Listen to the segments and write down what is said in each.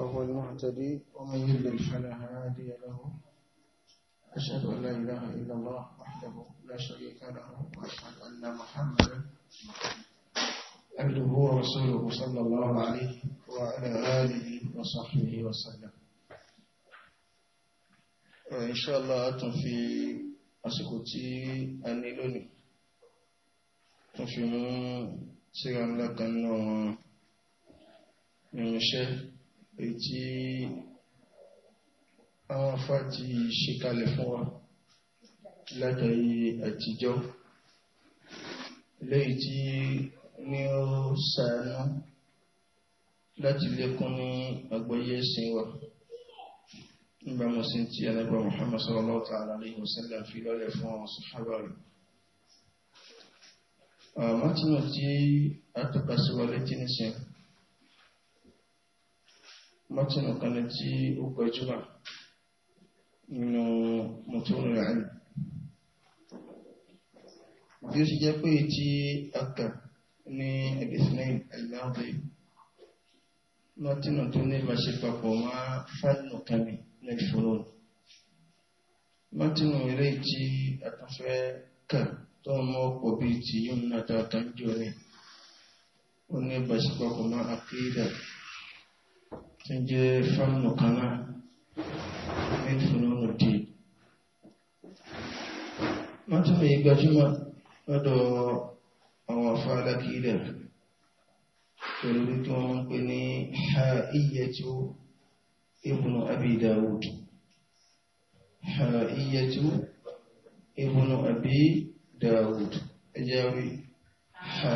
فهو المهتدي ومن يضلل فلا هادي له أشهد أن لا إله إلا الله وحده لا شريك له وأشهد أن محمدا عبده ورسوله صلى الله عليه وعلى آله وصحبه وسلم إن شاء الله أتم في أسكتي أني لوني من سيرا لك أنه من الشيخ èyí tí àwọn afá ti ṣe kalẹ̀ fún wa látàrí àtijọ́ lẹ́yìn tí ní ó sàánú láti lékún ní àgbọ́yé ẹ̀sìn wa nígbà mọ̀ sí ti ẹnẹ́gbà Muhammad sallallahu ta'ala alayhi wa sallam fi lọ́lẹ̀ fún àwọn sàhábà rẹ̀ mọ́tún kan tí ó gbajúmọ̀ nínú mọ́tún rẹ̀ àná bí ó sì jẹ́ pé tí a kà ní ẹgbẹ̀sìnlẹ̀ aláwọ̀ mọ́tún tó ní ìbáṣe papọ̀ má fánù kami lẹ́fọ́rọ̀ mọ́tún eré tí a tún fẹ́ kà tó mọ́ pọ̀ ti yóò náà dáadáa jọ rẹ̀ ó ní ìbáṣe papọ̀ tí ń jẹ́ fáànù kan náà ní ìfúnnú dì wọ́n tún lè lọ́dọ̀ àwọn afárá kí ilẹ̀ pẹ̀lú wípé wọ́n ń ní ha iye tí ó ibùnú abi dawud ha iye tí ó ibùnú abi dawud ẹjẹ́ rí ha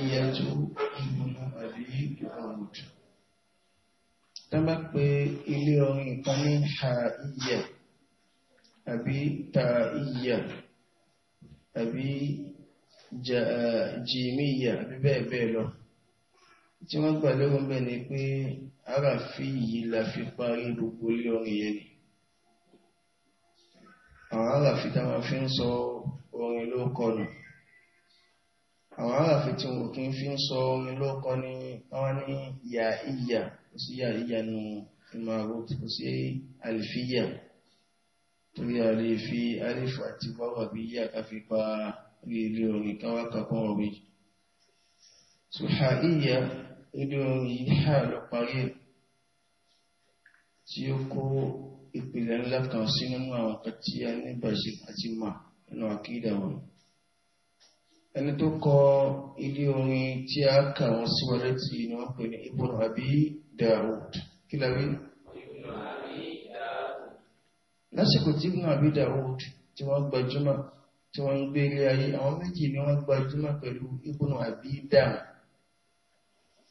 iye tí ó ibùnú abi dawud tán bá pé ilé orin kan ní ha-iya àbí ta-iya àbí jìmíyà àbí bẹ́ẹ̀ bẹ́ẹ̀ lọ tí wọ́n gbà lérò ń bẹ̀ ni pé ara fi yìí la fi parí gbogbo ilé orin yẹn ni àwọn ara fi tá máa fi ń sọ orin ló kọlù àwọn ara fi tí wọn kì í fi ń sọ orin ló kọ ni wọ́n ní yà ìyà sí àríyànú ìmọ̀ràn kò sí àlìfíyà torí a lè fi alifu àti wáwà bí yá ká fi pa ilé orin káwà kàkọ́ orin so ha iya ilé orin ha lọ parí ẹ̀ tí ó kó ìpìlẹ̀ ńlá kan sí nínú àwọn kan a ní bàṣẹ àti mà nínú àkídà wọn ẹni tó kọ ilé orin tí a kà wọn síwájú tí wọ́n pè ní ibùdó àbí Dawud kí la wí lásìkò tí Ibn Abi Dawud tí wọ́n gbajúmọ̀ tí wọ́n ń gbé ilé ayé àwọn méjì ni wọ́n gbajúmọ̀ pẹ̀lú Ibn Abi Dawud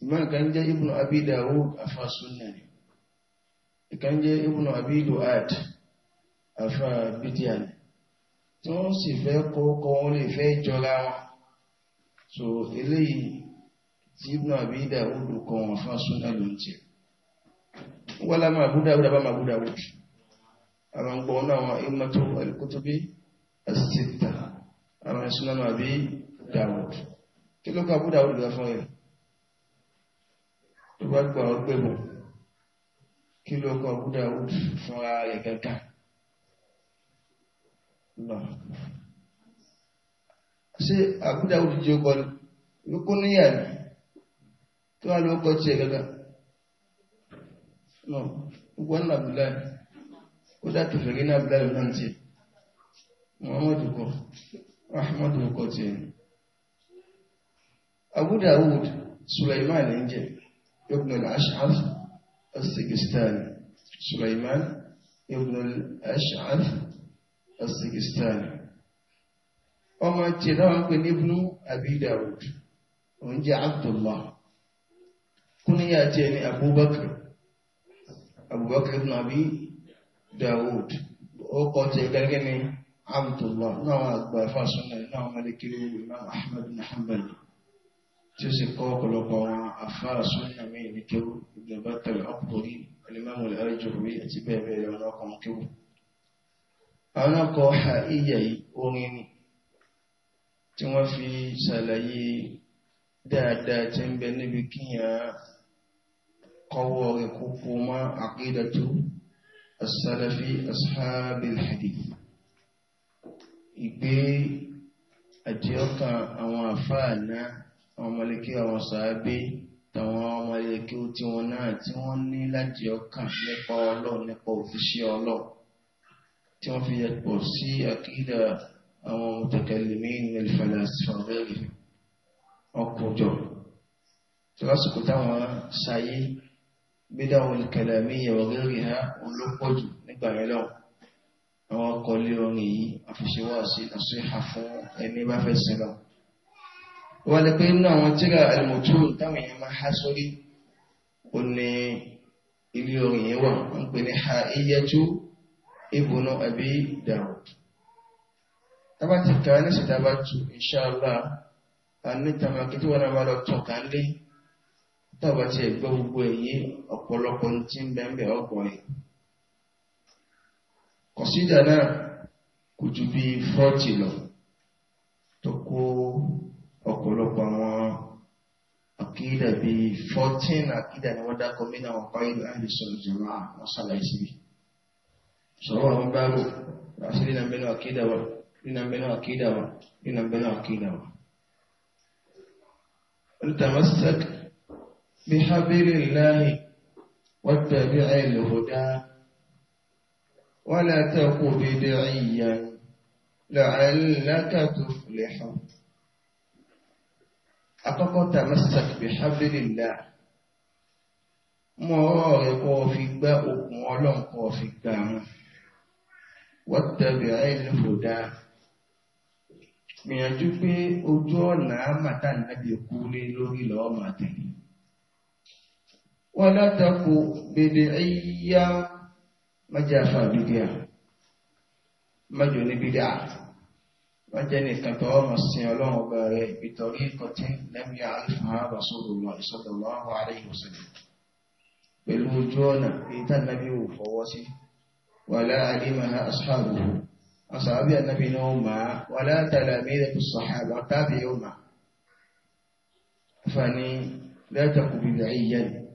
ìmọ̀ kan jẹ́ Ibn Abi Dawud afásúnnà ni ìkan jẹ́ Ibn Abi Du'ad afá bídíà tí wọ́n sì fẹ́ kọ́kọ́ wọn lè fẹ́ jọra wọn so eléyìí tí ibùn àbídà ó dùkọ wọn fún súnà ló ń tẹ̀ wọ́n lámà àbúdà àbúdà bá màbúdà wù àwọn gbọ́ ọ́nà àwọn ìmọ̀tò al-kutubi as-sitta àwọn súnà màbí Dawud kí ló kọ àbúdà àbúdà fún ẹ̀ tó bá gbọ́ àwọn gbẹ̀bọ̀ kí ló kọ àbúdà àbúdà fún lọ ṣé àbúdà kí wọ́n ló kọ́ tiẹ̀ gẹ́gẹ́ no gbogbo ọ̀nà abdullahi ó dá kẹfẹ̀rẹ́ ní abdullahi ọ̀nà tiẹ̀ muhammadu kọ́ ahmadu kọ́ tiẹ̀ abu dawud sulaiman ń jẹ́ ibn al-ash'af as-sigistani sulaiman ibn ashaf as ọmọ tiẹ̀ náà wọ́n pè ní ibn abi dawud òun jẹ́ abdullah kúníyà tí ẹni abubakar abubakar ibn abi dawud ọkọ̀ tí ẹgẹ́gẹ́ ni abdullah náà àgbà fásúnà náà malikiri imam ahmed nahamban tí ó sì kọ́ ọ̀pọ̀lọpọ̀ àwọn afárasúnà mi ní kéwú ibn bakar ọkùnrin alimami al-arjuri àti bẹ́ẹ̀ bẹ́ẹ̀ lọ lọ́kàn kéwú àwọn akọ̀ ha iya orin ni tí wọ́n fi ṣàlàyé dáadáa tí ń bẹ níbi kíyàn kọwọ́ rẹ̀ kó kó mọ́ àkídàtú asalafi ashabil hadith ìgbé àdíọ́kà àwọn àfáàná àwọn mọ̀lẹ́kí àwọn sàábé tàwọn ọmọlẹ́kí tí wọ́n náà tí wọ́n ní láti ọkà nípa ọlọ́ nípa òfíṣẹ́ ọlọ́ tí wọ́n fi yẹpọ̀ sí àkídà àwọn mutakallimin al-falasifa ọ̀rẹ́ rẹ̀ tí lásìkò táwọn sáyé bídá olùkẹ̀lẹ̀míyà ọ̀gẹ́rìhá olópọ̀jù nígbà rẹ̀ lọ àwọn ọkọ̀ lé orin yìí àfiṣẹ́wà sí àṣíhà fún ẹni bá fẹ́ sí lọ wọ́n lè pé inú àwọn tíra ẹlmọ̀tú táwọn èèyàn máa há sórí ó ní ilé orin yìí wà ń pè ní ha iyẹ́jú ibùnú àbí dàrú tábà ti kà ní sítàbà tù inṣáàlá a ní tàbà kí tí wọ́n náà máa lọ tún kà lé tọ́ba ti ẹ̀gbọ́ gbogbo èyí ọ̀pọ̀lọpọ̀ ní ti ń bẹ́ẹ̀ ọkùnrin kọ̀sídà náà kò ju bí fọ́ọ̀tì lọ tó kó ọ̀pọ̀lọpọ̀ àwọn àkídà bí fọ́tín àkídà ni wọ́n dákọ̀ mínà wọn kọ́ ìlú àìsàn ìjọba wọn sàlàyé sí sọ̀rọ̀ àwọn báàrù àti nínà mẹ́nu àkídà wọn nínà mẹ́nu àkídà بحبل الله واتبع الهدى ولا تك بدعيا لعلك تفلح أقوى تمسك بحبل الله mọ́ọ̀rẹ́ kọ́ fi gbá òkun ọlọ́run kọ́ fi gbá wọn wọ́tẹ̀bẹ̀ àìlèfòdá gbìyànjú pé ojú ọ̀nà àmàtà nàbí kú lé lórí lọ́ọ́ màtẹ̀lẹ̀ ولا تك بدعيا ما جاف بدعا ما جوني بدعا ما جاني كتوى الله وبره بطريقة لم يعرفها رسول الله صلى الله عليه وسلم بالوجونا إذا النبي فوسي ولا علمها أصحابه أصحابي النبي نوما ولا تلاميذ الصحابة تابعوما فاني لا تقو بدعيا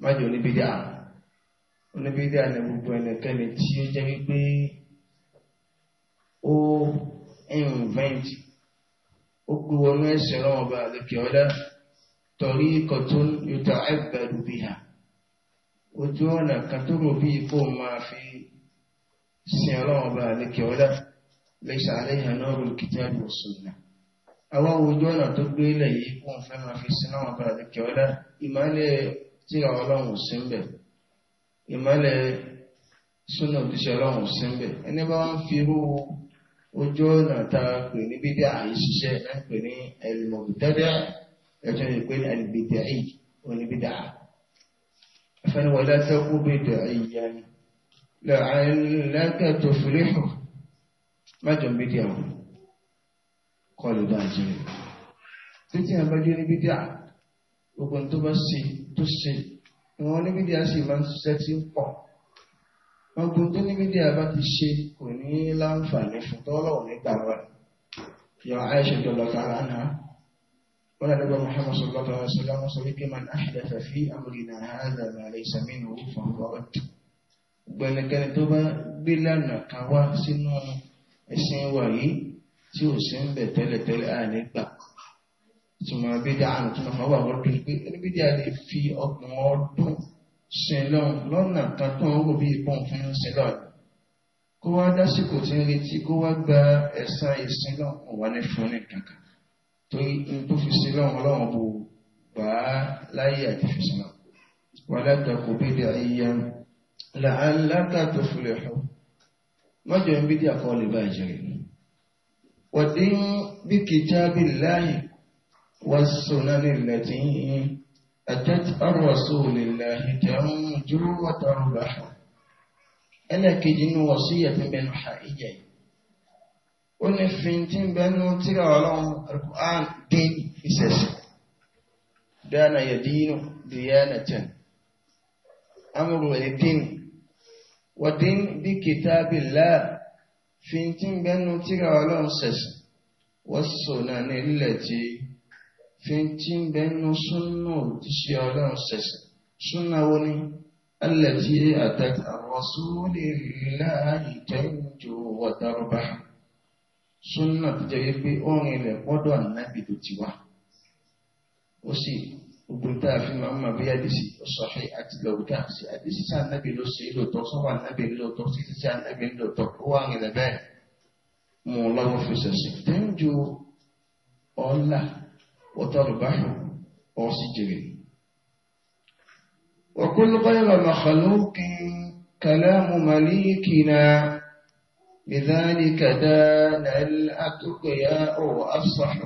má jẹ́ oníbídíà oníbídíà ni gbogbo ẹnikẹ́ni tí ó jẹ́ wípé ó invent ó gbé wọnú ẹ̀sìn ọlọ́run ọba àlekè ọ̀dá torí ikọ̀ tó ń yọta ẹgbẹ̀rún bí ha ojú ọ̀nà kan tó rò bí ipò máa fi sin ọlọ́run ọba àlekè ọ̀dá lẹ́sà àlẹ́yìn náà rò kìtà ìwòsàn àwọn ojú ọ̀nà tó gbé ilẹ̀ yìí kó ń fẹ́ máa fi sin ọlọ́run ọba àlekè ọ̀dá ìmọ̀lẹ́ tíra ọlọ́run ò sí ń bẹ̀ ìmọ́lẹ̀ súnà òjíṣẹ́ ọlọ́run ò sí ń bẹ̀ ẹni bá wá ń fi irú ojú ọ̀nà tá a pè ní bíbí àìṣiṣẹ́ ẹ ń pè ní ẹlòmọ̀tẹ́dẹ́ ẹjọ́ lè pè ní ẹlòmọ̀tẹ́ èyí oníbídà afẹ́ni wọlé tẹ́kù bídà èyí yani lẹ́ẹ̀kẹ́ tó fi léhù mẹ́jọ bídà kọlù dájú títí àbájọ́ oníbídà gbogbo tó bá sí i tó ṣe ìwọ̀n onímídíà sì máa ń ṣiṣẹ́ tí ó pọ̀ wọ́n gbọ́n tó nímídíà bá ti ṣe kò ní láǹfààní fún tọ́lọ́wọ̀ nígbà wa yọ Aisha tó lọ́ta ara náà wọ́n lè gbọ́ Muhammad sallallahu alaihi wasallam sọ wípé man ahdatha fi amrina hadha ma laysa minhu fahuwat gbẹnikẹni tó bá gbé lánàá kan wá sínú ẹ̀sìn wa yìí tí ò sí ń bẹ̀ tẹ́lẹ̀tẹ́lẹ̀ àìnígbà ìtumọ̀ bídà àrùn tó máa wà wọ́n dùn pé oníbídà lè fi ọgbọ̀n ọdún sin lọ́n lọ́nà kan tó ń wò bí ìbọn fún sin lọ́n kó wá dásìkò tí ń retí kó wá gba ẹ̀san ìsin lọ́n kò wá ní fún ní kankan torí n tó fi sin lọ́n ọlọ́run bò gbà á láyé àti fi sin lọ́n wà látàkù bídà ìyá làálàkà tó fúlẹ̀ ọ̀ mọ́jọ ń bídà kọ́ lè bá ìjẹrẹ̀ wọ́n dín bí kìtàbí láyé والسنن التي أتت الرسول الله تنجو وتربح أنا كجن وصية بين حائجي ونفنتين بأنه ترى علوم القرآن دين إساس دانا يدين ديانة أمر الدين ودين بكتاب الله فنتين بأنه ترى علوم سس والسنن التي fẹ́ntì ń bẹ́nu súnà òjíṣẹ́ ọlọ́run ṣẹ̀ṣẹ̀ súnà wo ni alẹ́tí àtàkì àwọn súnlé láàyè tẹ́jú wọ́tàrọ́bà súnà tó jẹ́ pé ó rìnlẹ̀ pọ́dọ̀ ànábì tó ti wá ó sì gbogbo tá a fi máa ń mọ̀ bí àdìsí sọ̀hí àti lọ́wọ́dà sí àdìsí sí ànábì ló ṣe lóòótọ́ sọ́wọ́ ànábì lóòótọ́ títí sí ànábì lóòótọ́ ó wà rìnlẹ̀ bẹ́ẹ̀ mú un fi ṣẹ̀ṣẹ̀ tẹ́jú ọ̀la وتربح وسجن وكل غير مخلوق كلام مليكنا بذلك دان الأتقياء وأفصح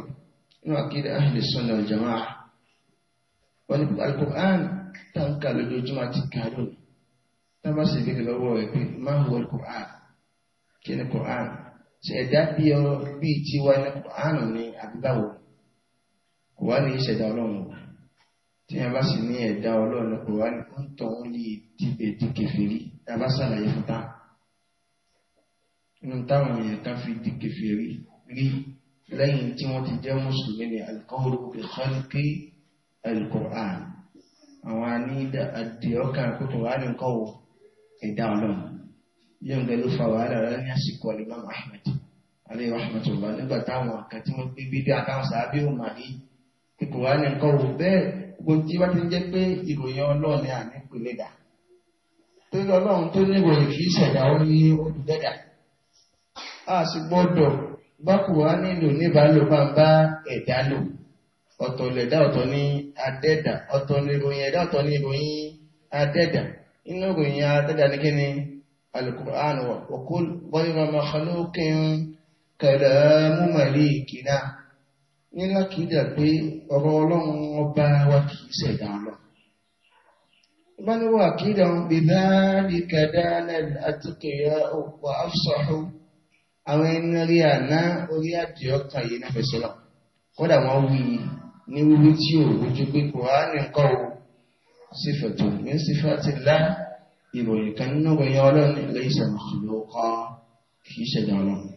نؤكد أهل السنة والجماعة والقرآن تنكى لجمعة الكهدون تمسي بك لو ما هو القرآن كين القرآن سيدات بيو بيتي وين القرآن من أبداوه kùránì ìṣẹ̀dá ọlọ́run tí a bá sì ní ẹ̀dá ọlọ́run kùránì ó ń tọ̀hún lè dìbẹ̀ di kèfèrí tá a bá ṣàlàyé fún ta inú táwọn èèyàn kan fi di kèfèrí rí lẹ́yìn tí wọ́n ti jẹ́ mùsùlùmí ní alikọ́hóró bí kọ́ńkì alikọ́hán àwọn anídà àdìọ́kà pé kùránì ń kọ́wọ́ ẹ̀dá ọlọ́run yóò ń gẹ́lú fa wàhálà rẹ̀ ní àsìkò alimami ahmed alayhi rahmatulah nígbà táwọn kan tí wọ́n gbé bíbí àtàwọn ìkùrá ní nǹkan rò bẹ́ẹ̀ gbogbo tí wọ́n ti ń jẹ́ pé ìròyìn ọlọ́run ni àní ìpínlẹ̀ dà torí ọlọ́run tó ní ìròyìn kì í ṣẹ̀dá ó ní olùdẹ́dà a sì gbọ́dọ̀ bá kùrá nílò níbàálò máa ń bá ẹ̀dá lò ọ̀tọ̀ lẹ̀dá ọ̀tọ̀ ní adẹ́dà ọ̀tọ̀ ní ìròyìn ẹ̀dá ọ̀tọ̀ ní ìròyìn adẹ́dà inú ìròyìn adẹ́dà ní kíni alukur'an wa okul bọ́yìí nílá kìí dà pé ọ̀rọ̀ ọlọ́run ọba wa kìí ṣẹ̀dá lọ. Ìbániwọ̀ àkídà ń gbé dáàrí kàdáàlẹ̀ àtúkẹ̀yà òpó àfṣọ́hù àwọn ẹni rí àná orí àdì ọkàn yìí náà fẹsẹ̀ lọ. Kódà wọ́n wí ní wíwí tí ò rújú pé Kùránì nǹkan o sì fẹ̀tọ̀ ní sífàtì lá ìròyìn kan nínú ìròyìn ọlọ́run ilé ìṣẹ̀lẹ̀ kan kìí ṣẹ̀dá ọlọ́run.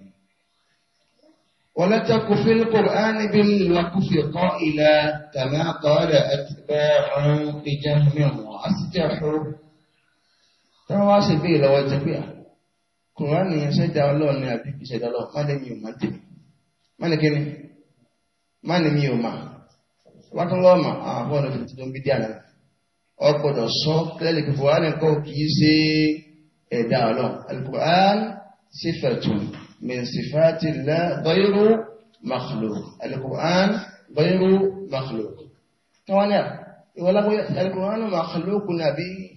ولا تك في القرآن بالوقف قائلا كما قال أتباع لجهم وأستحب tọ́wọ́ wá sí ìbéèrè lọ́wọ́ jẹ́ pé à kùnrán nìyẹn ṣẹ̀dá ọlọ́run ní àbí kìí ṣẹ̀dá ọlọ́run máa ní mi ò máa tèmi máa ní kíni máa ní mi ò máa wá tún lọ́ọ̀mà àwọn ọ̀nà tuntun tó ń bí dí àná ọ gbọ́dọ̀ sọ kílẹ̀lì kìfọ́ á nìkan kìí ṣe ẹ̀dá ọlọ́run alìkùnrán sífẹ̀tún من صفات الله غير مخلوق القرآن غير مخلوق وانا ولا القرآن مخلوق نبي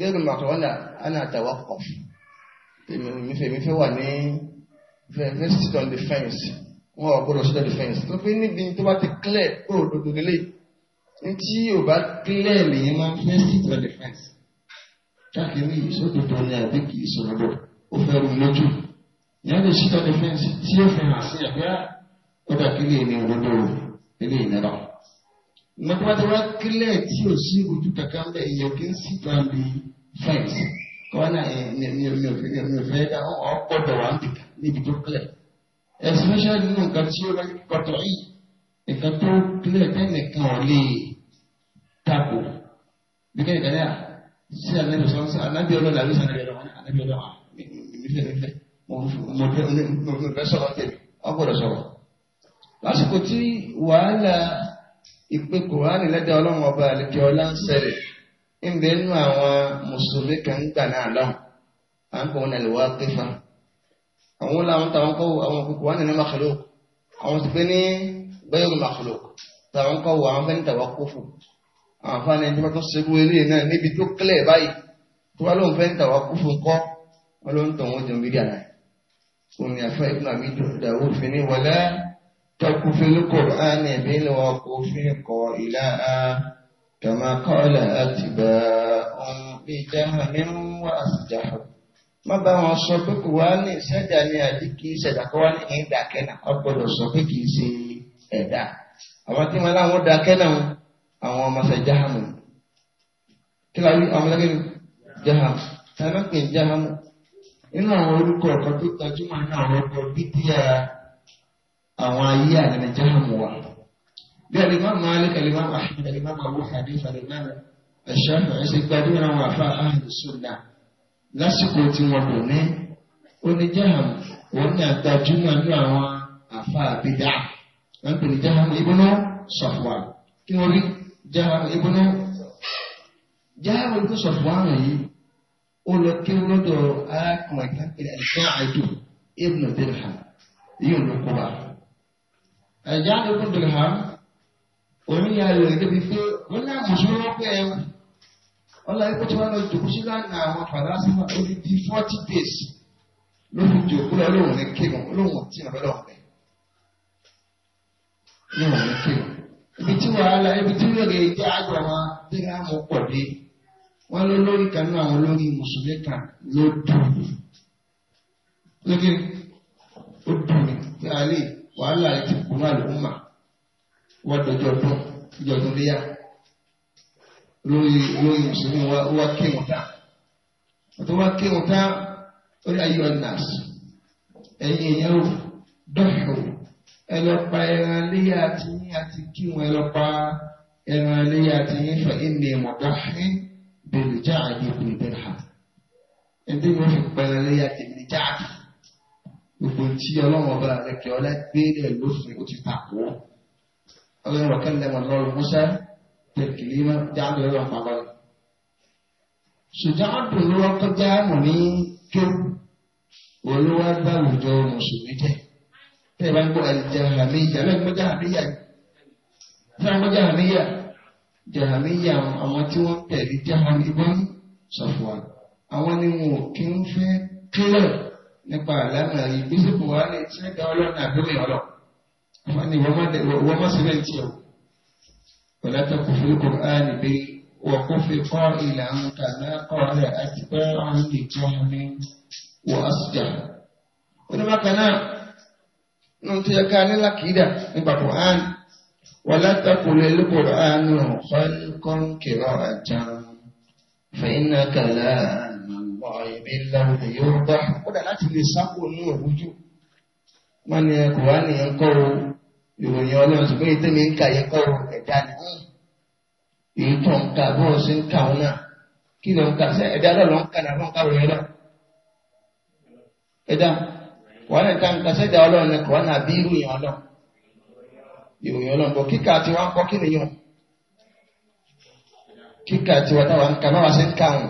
غير مخلوق أنا أنا أتوقف مثل مثل واني في on the fence wọn ò gbọ́dọ̀ sit on the fence tó fi níbi tó bá ti clear kúrò lódò nílé tí ò bá clear lèyìn máa ń fẹ́ sit on the káàkiri ìṣòdodo ni àbí kì í sọ̀rọ̀ ó fẹ́ rú lójú ìyẹn lè ṣí tẹlẹ fẹ́ tí ó fi hàn sí ẹ̀fẹ́ ọ̀dà kílè ní òdodo ilé ìnira. Mọ̀tòmọ́tò wá kílẹ̀ tí ò sí ojú kankan bẹ́ẹ̀ yẹ kí n sì tán bí fẹ́ǹsì. Kọ́nà mi ò fẹ́ mi ò fẹ́ ká ọ̀ gbọ́dọ̀ wá níbi tó kílẹ̀. Especially nínú nǹkan tí ó bá kọ̀tọ̀ yìí, nǹkan tó kílẹ̀ tẹ́nìkan ò lè tako. Bí kẹ́kẹ́ ní à, sí ànábì sọ́nsá, ànábì ọlọ́lá, àbí sànábì ọlọ́wọ́, ànábì ọlọ́wọ́, mi mo fẹ́ sọ̀rọ̀ tèmi wọ́n gbọ́dọ̀ sọ̀rọ̀. lásìkò tí wàhálà ìpè kùránì lẹ́dà ọlọ́run ọba àlejò ọlá ń ṣẹlẹ̀ ńbẹ nínú àwọn mùsùlùmí kan ń gbà náà lọ́hùn à ń pọ̀ wọn nàlẹ́ wàá kéfà. àwọn làwọn táwọn kọ́ àwọn kùránì ní makhluk àwọn ti pé ní bẹ́ẹ̀rù makhluk táwọn kọ́ wọ àwọn fẹ́ ní tàwa kófù àwọn afáàní ẹni tó bá tó ṣerú eré náà níbi tó kílẹ̀ báyìí tó wá lóun fẹ́ ní tàwa kófù ńkọ́ wọn ló ń tọ̀ wọn jẹun bíbí òní àfẹ́ ìbùnà mi dàwó fi ní wọlé tọkù fílú kòránì bí ní wọn kò fi kọ ìlà á kàmá kọ́lá àtìgbà ohun bí jẹ́hàn ní wà àsìjà má bá wọn sọ pé kò wá ní ìṣẹ̀dá ní àdí kì í ṣẹ̀dá kó wá ní ẹ̀dá kẹ́nà ọgbọ́dọ̀ sọ pé kì í ṣe ẹ̀dá àwọn tí wọn láwọn dá kẹ́nà àwọn ọmọ ṣe jáhàmù kí la rí àwọn nínú àwọn orúkọ ọ̀kan tó tajúmọ̀ nínú àwọn ọkọ̀ bídíà àwọn ayé àdánijá mu wa. bí alimami Malik alimami Ahmed alimami Abu Hanifa alimami Shafi'i ẹsẹ̀ gbajúmọ̀ àwọn afa Ahlus Sunnah lásìkò tí wọn kò ní oníjàhàm wọn ní àgbàjúmọ̀ nínú àwọn afa àbídà wọn pè ní Jaham ibnu Safwan kí wọn rí Jaham ibnu Jaham ibnu Safwan yìí ó lọ kí ó lọ́dọ̀ arákùnrin kan pé ẹ̀ṣọ́ àìdù ibùdó dirham yóò ló kó wa. ẹ̀yà ibùdó dirham oníyà rẹ̀ débi pé wọ́n ní àmùsùn lọ́pẹ́ ẹ̀ wọ́n láyé kó tí wọ́n lọ jòkó sí lánàá àwọn fàdásímà ó ní bí forty days ló fi jòkó lọ lóhùn ní kéwọn lóhùn tí ìrànlọ́wọ́ lọ́wọ́ rẹ̀ lóhùn ní kéwọn ibi tí wàhálà ibi tí wọ́n rẹ̀ jẹ́ àgbà wọn dirham pọ̀ dé wọ́n ló lórí kan náà àwọn olórí mùsùlùmí kan ló dùn lókè ó dùn ní pé alẹ́ wàhálà ìtìkùn náà ló ń mà wọ́n dọjọ́ dún ìjọdún léyà lórí lórí mùsùlùmí wá kéwọ̀n tá wọ́n tó wá kéwọ̀n tá ó lé ayé ọ̀nà ẹ̀yìn ìyẹn ó dọ̀hùn ẹlọ́pa ẹran léyà tí yín àti kí wọn ẹran léyà tí yín fẹ́ ẹ̀mí ẹ̀mọ̀dá fún bẹ̀rù jáàdì bẹ̀rù bẹ̀rù hà ẹni wọ́n fi pẹ̀lẹ́ lẹ́yà tèmi jáàdì gbogbo tí ọlọ́run ọba rẹ̀ kẹ́ ọ lẹ́gbẹ̀rẹ̀ lófin ó ti tàkó ọlọ́run ọ̀kẹ́ lẹ́mọ̀ lọ́rùn mọ́ṣá tẹ̀kìlì mọ́ jáàdì ọ̀rọ̀ àpamọ́ rẹ̀ ṣùgbọ́n àdùn ló wọ́n mọ̀ ní kéw olówó gbàlùjọ mùsùlùmí jẹ tẹ́ bá ń gbọ́ àlìjẹ àmì ìyá lẹ́gbọ́n jàmíyà àwọn tí wọ́n tẹ̀lé jáhání bá ń sọ̀fọ̀ àwọn ni wọn ò kí ń fẹ́ kílẹ̀ nípa àlànà ìgbésẹ̀ kò wá lè tí ẹ̀dá ọlọ́run àbẹ́rẹ́ ọlọ́ wọn ni wọ́n má sílẹ̀ tiẹ̀ o pẹ̀lú àtàkù fún kùránì bí wọ́n kó fi kọ́ ìlànà kàná kọ́ rẹ̀ àti pé wọ́n lè jọ ní wọ́n á sì jà. onímọ̀ kan náà nínú ká nílà kìí dà nípa kùránì. ولا تقل القرآن خلقا قراءة فإن كلام الله بالله يوضح kódà láti lè sápò ní òwújú wọ́n ní kùránì ń kọ́ o ìròyìn ọlọ́run ṣùgbọ́n èyí tẹ́mi ń kà yẹn kọ́ o ẹ̀dá ni èyí tó ń kà bọ́ọ̀ sí ń kà wọn náà kí ló ń kà sẹ́ ẹ̀dá lọ́lọ́ ń kà náà lọ́n kàwé yẹn lọ. ẹ̀dá wọ́n ní ká ń kà sẹ́dá ọlọ́run ní kùránì àbí ìròyìn ọlọ́run ìròyìn ọlọ́run bọ̀ kíkà tí wọ́n ń kọ́ kí nìyàn kíkà tí wọ́n táwọn kà báwa ṣe ń kà wọn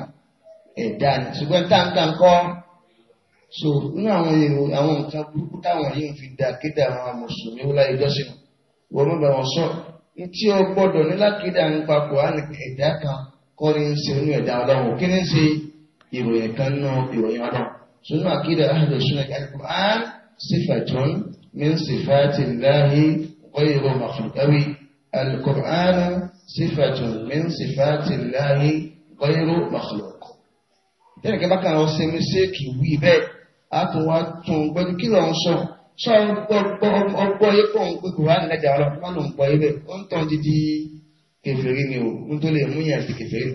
ẹ̀dá ni ṣùgbọ́n tá ń gbà ń kọ́ so nínú àwọn èrò àwọn nǹkan burúkú táwọn yìí ń fi dà kéde àwọn mùsùlùmí wọlé ìjọsìn wọn ló bá wọn sọ tí o gbọ́dọ̀ ní lákéde àwọn papọ̀ á ní ẹ̀dá kan kọ́ ní ṣe onú ẹ̀dá ọlọ́run kí ní ṣe ìròyìn kan náà ìròyìn ọlọ́run sunu akéde ahadu sunak alukur'an sifatun min sifati lahi غير مخلوق القرآن صفة من صفات الله غير مخلوق tẹ́lẹ̀ kẹ́ bá kàn ọ́ ṣe mistake wí bẹ́ẹ̀ á tún wá tún gbẹ́dú kí ló ń sọ sọ ọgbọ́ yé pọ̀ ń pé kò wá nílẹ̀ jàrọ̀ má ló ń gbọ́ yé bẹ́ẹ̀ ó ń tàn dídí kèfèrí ni o ń tó lè mú yàn sí kèfèrí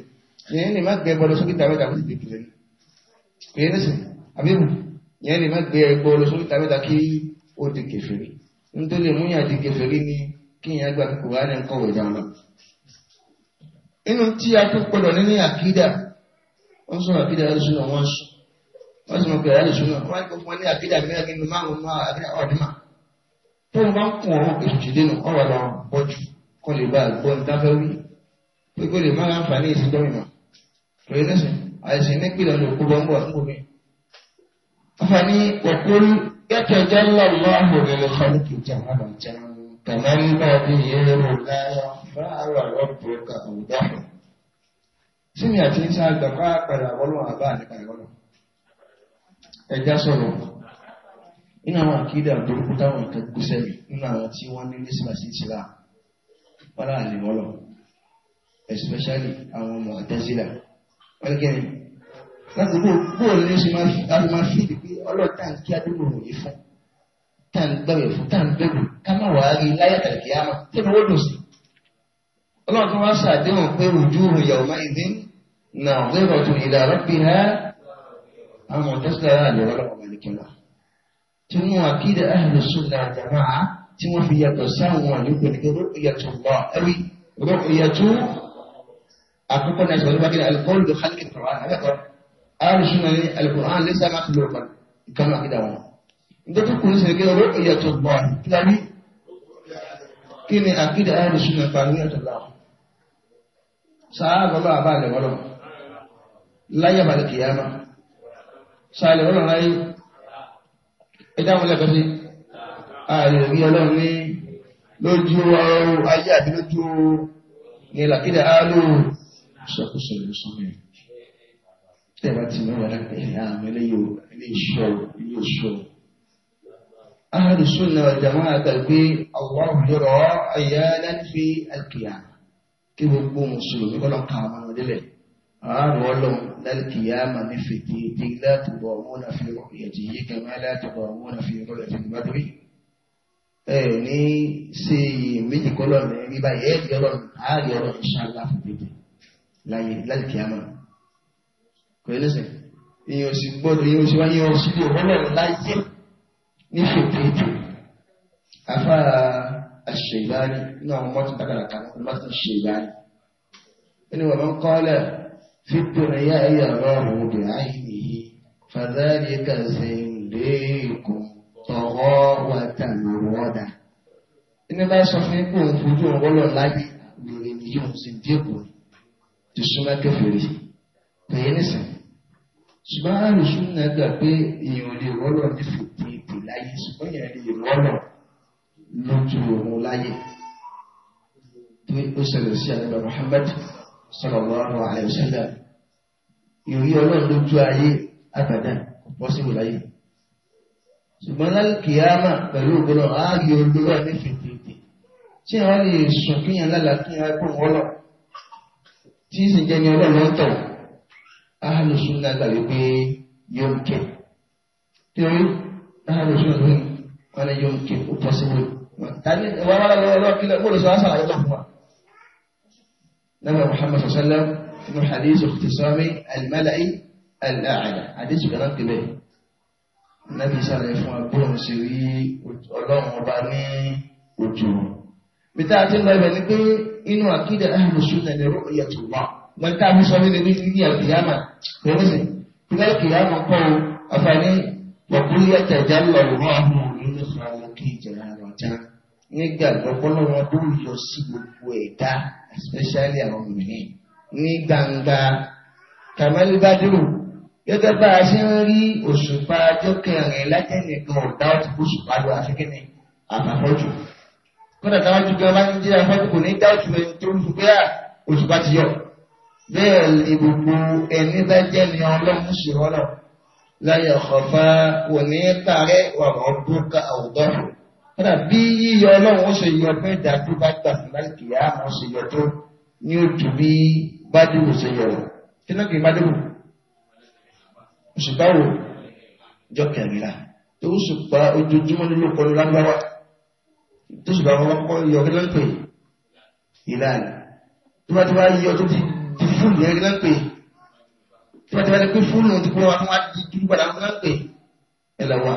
yẹn lè má gbé ẹgbọ́ lọ sókè tàbí tàbí ti kèfèrí kò yẹn nísìn àbí yẹn lè má gbé ẹgbọ́ lọ sókè tàbí tàbí ó ti kèfèrí ń tó lè múyàn di kẹfẹ́rí ni kí èèyàn gba kùránì ń kọ̀wé dáná. inú tí a tó gbọdọ̀ nínú àkídà wọ́n sọ àkídà alùsùn náà wọ́n sùn wọ́n sì mọ̀ pé alùsùn náà wọ́n kọ́ fún ọ ní àkídà mìíràn nínú márùn-ún náà àkídà ọ̀dùnmá. tó o bá ń kún ọ̀rọ̀ èsì dénú ọ̀rọ̀ lọ bọ́ jù kó lè bá gbọ́ ní wí pé lè má láǹfààní ìsìndọ́mìnà àìsàn nípìnlẹ̀ ló kó bọ́ ń bọ̀ ń bọ̀ mi. àǹfààní ọ̀kọ́rú يتجلى الله للخلق جهرا كمن بدير لا يخفى وربك أوضح sínú àti ní sáà gbàgbọ́ àpẹẹrẹ àwọlọ́wọ́ àbá nípa ìwọlọ́ ẹja sọ̀rọ̀ nínú àwọn àkídà burúkú táwọn nǹkan kú sẹ́mi nínú àwọn tí wọ́n ní ní sílà sí ìsìlá wọ́n láàrin wọ́lọ̀ especially àwọn Mu'tazila wọ́n gẹ́ni láti bó bó ní ṣe máa fi ìdí pé ọlọ́run tá à ń kí adúgbò wòye fún tá à ń gbẹ̀wẹ̀ fún tá à ń bẹ̀rù ká má wàá rí láyà tàbí àmọ́ tó ní wọ́n dùn sí. ọlọ́run tó wá ṣàdéhùn pé ojú òun yàwó máa ìdí nà ọ̀gbẹ́rọ̀ tó ìlà rọ́bì ha àwọn ọ̀dọ́sílẹ̀ rà lọ́wọ́ lọ́wọ́ mọ̀lẹ́kìlá. tí wọ́n àkídà ahlu sunnah jamaa tí wọ́n fi yàtọ̀ sáwọn àlùkò ní rọ́ọ̀yàtọ̀ lọ́ọ̀ ẹ̀rí rọ́ọ̀yàtọ̀ àkọ́kọ́ náà ìṣòro bá kí alùsùnà ní alukur'an lẹ́sẹ̀ máa ti lọ́ọ̀kan ìkànnì àkídà wọn. nígbà tó kùnú sèké ọ̀rọ̀ ìyàtọ̀ bọ̀ kíkà ní kí ni àkídà alùsùnà pàrọ̀ ìyàtọ̀ bọ̀ sáà lọ́lọ́ àbá àlẹ́ wọ́lọ́ láyé àbàlẹ̀ kìyàmá sáà lè wọ́lọ́ láyé ẹ̀dá wọn lẹ́kọ̀ọ́ sí ààrẹ rí ọlọ́run ní lójú ayé àti lójú ní làkídà alùsùnà kùsùn ìlú sọ́mìnì tẹ́wà tí wọ́n wọ́n pè ní àwọn iléeṣọ́ ahlu sunna wal jama'a àtàgbé Allahu yọrọ ayyalan fi al-qiyamah kí gbogbo mùsùlùmí kọ́lọ̀ kà àwọn ọmọdélẹ̀ àárọ̀ ọlọ́run lal-qiyamah ní fètèèdè láti bọ̀ wọ́n fi rọ̀yẹ̀dì yìí kẹ́mẹ́ láti bọ̀ wọ́n fi rọ̀yẹ̀dì gbàdúrí ẹ̀ ní sí méjì kọ́lọ̀ rẹ̀ rí báyìí ẹ̀ pẹ̀lẹ́sìn èèyàn sì gbọ́dọ̀ èèyàn sì wáyé wọn sílé ọlọ́run láyé ní fètèètè afárá àṣeyáni inú àwọn mọ́tò dákàdàkà wọn bá tún ṣèyáni ẹni wọn máa ń kọ́lẹ̀ fífún ẹ̀yà ẹ̀yà ọlọ́run òde àìní fàdáàlì kàzẹ́ńdéèkùn tọ̀wọ́ wàtàmọ́wọ́dà ẹni bá sọ fún ipò òǹfojú ọlọ́run láyé lórí ni yóò sì dínkù ti súnmọ́ kẹfìrí ṣùgbọ́n àrùn súnà gbà pé èèyàn lè rọ́lọ̀ ní fòpin ìpè láyé ṣùgbọ́n èèyàn lè rọ́lọ̀ lójú òun láyé tó ó ṣẹlẹ̀ sí àgbà Muhammad sallallahu alaihi wasallam ìrí ọlọ́run lójú ayé àbàdàn pọ́sibù láyé ṣùgbọ́n lálùkìyàmà pẹ̀lú ògbọ́nà ààyè olóró ní fìdíìdì tí wọ́n lè sùn kíyàn lálàá kíyàn ẹgbọ́n wọ́lọ̀ tí ìsìnkẹ́ni ọlọ́run tọ̀wọ̀ ahàlùsùn náà gbà wípé yóò kẹ torí ahàlùsùn náà wọn ni yóò kẹ ó pọsibú tani wọn wọn lọ lọ kílẹ kó lè sọ àṣà àyẹ̀wò fún wa. nabi muhammad sallam nu hadith ikhtisami al-mala'i al hadith kan náà kébẹ nabi sàlẹ̀ fún abúlọ̀ sí rí ọlọ́run ní ojú. bìtá àti ńlá ibẹ̀ ni pé inú àkídà ahàlùsùn náà ni rúkìyàtù mọ̀tá mi sọ ní ebi ní àkìyàmà pẹ̀lú sí ilé àkìyàmà kọ́ ọ àfààní wàkúrú yàtọ̀ ìjà lọ wọ́n ahùn nínú ìfàlọ́ kí ìjìnlẹ̀ àrọ̀já nígbàgbọ́ bọ́lá wọn tó yọ sí gbogbo ẹ̀dá especially àwọn mìíràn ní gbangba kàmẹ́lì bádùrù gẹ́gẹ́ bá a ṣe ń rí òṣùpá ọjọ́ kẹrin látẹ̀nìkan ọ̀dá ọ̀tún òṣùpá lọ àfikẹ́ni àfàfọ́jù kódà táwọn jù gan bá ń jẹ́ àfọ́jù kò ní dáwọ́tù ẹni tó ń fún pé ah, òṣùpá ti yọ bẹ́ẹ̀ ni gbogbo ẹni bá jẹ́ ni ọlọ́run sì rọ́lọ̀ láyọ̀ ọ̀fà kò ní tààrẹ́ wà ọdún ká àwùjọ. kódà bí yíyọ ọlọ́run ó ṣe yọ pé ìdájú bá gbà sí láìkì á mọ̀ ṣe yọ tó ní ojú bí bádùú ṣe yọ. kí ló kì í bádùú? òṣùpá wo jọ kẹrìnlá tó òṣùpá ojoojúmọ́ nílò kọlu lágbára tó òṣùpá wọn yọ kí ló ń pè ìlànà tó bá ti wá yọ tó ti fúlù yẹn kí lọ́n pè tí wọ́n ti pé fúlù ti kúrò wá tí di dúró padà wọ́n pè ẹ lọ wá.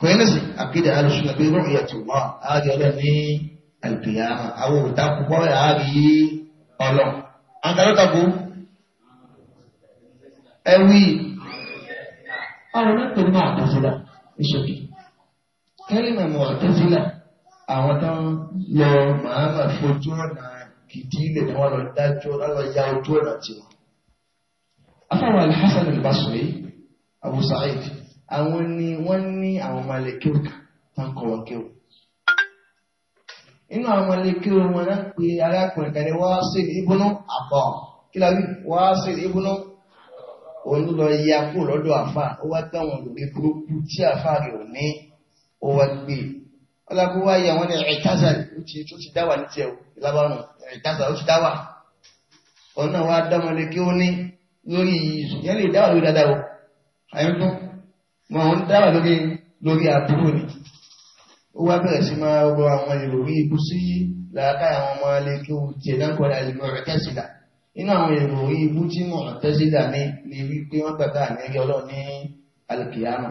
kòyìn nísìn akéde alùsùn náà pé rọ́ọ̀ yẹ tó wọ́n á rí ọlọ́ ní àlùkìyà àwọn òòtà púpọ̀ yà á rí ọlọ́ àǹkáró tàbó ẹ wí ọ̀rọ̀ náà tó máa tó ìṣòkè kẹ́lí màmú àtẹ́sílẹ̀ àwọn tó lọ màá mà fojú ọ̀nà gidi ilẹ̀ ni wọ́n lọ dájọ́ lọ́lọ́ ya ojú ọ̀nà tiwọn. afáwọn alhassan al abu sa'id àwọn ni wọ́n ní àwọn malẹ̀kẹ́ òkà tán kọ̀ wọ́n kẹ́wọ̀. inú àwọn malẹ̀kẹ́ wọn náà pé arákùnrin kan ní Wasil ibn Ata kí la wí Wasil ibn òun lọ ya kó lọ́dọ̀ àfa ó wá gbá wọn lórí burúkú tí àfa rẹ̀ ò ní ó wá gbé ọlágbó wá yà wọn ní ẹ̀ẹ́tázà tó ti dá wà ní tiẹ̀ o ìlábàrún ìtàsà ó ti dáwà òun náà wá dámọ́lé kí ó ní lórí ìyẹn lè dáwà lórí dáadáa o àyẹ̀ fún mọ̀ òun dáwà lórí lórí àbúrò ni ó wá bẹ̀rẹ̀ sí máa rọ àwọn ìròrí ikú sí làákà àwọn ọmọ alẹ́ kí ó tiẹ̀ náà kọ́ da ìmọ̀ rẹ̀ tẹ̀sílà inú àwọn ìròrí ibú tí mọ̀ tẹ̀sílà ní ni wípé wọ́n gbàgbà ní ẹgbẹ́ ọlọ́ọ̀ ní alìkìyàmà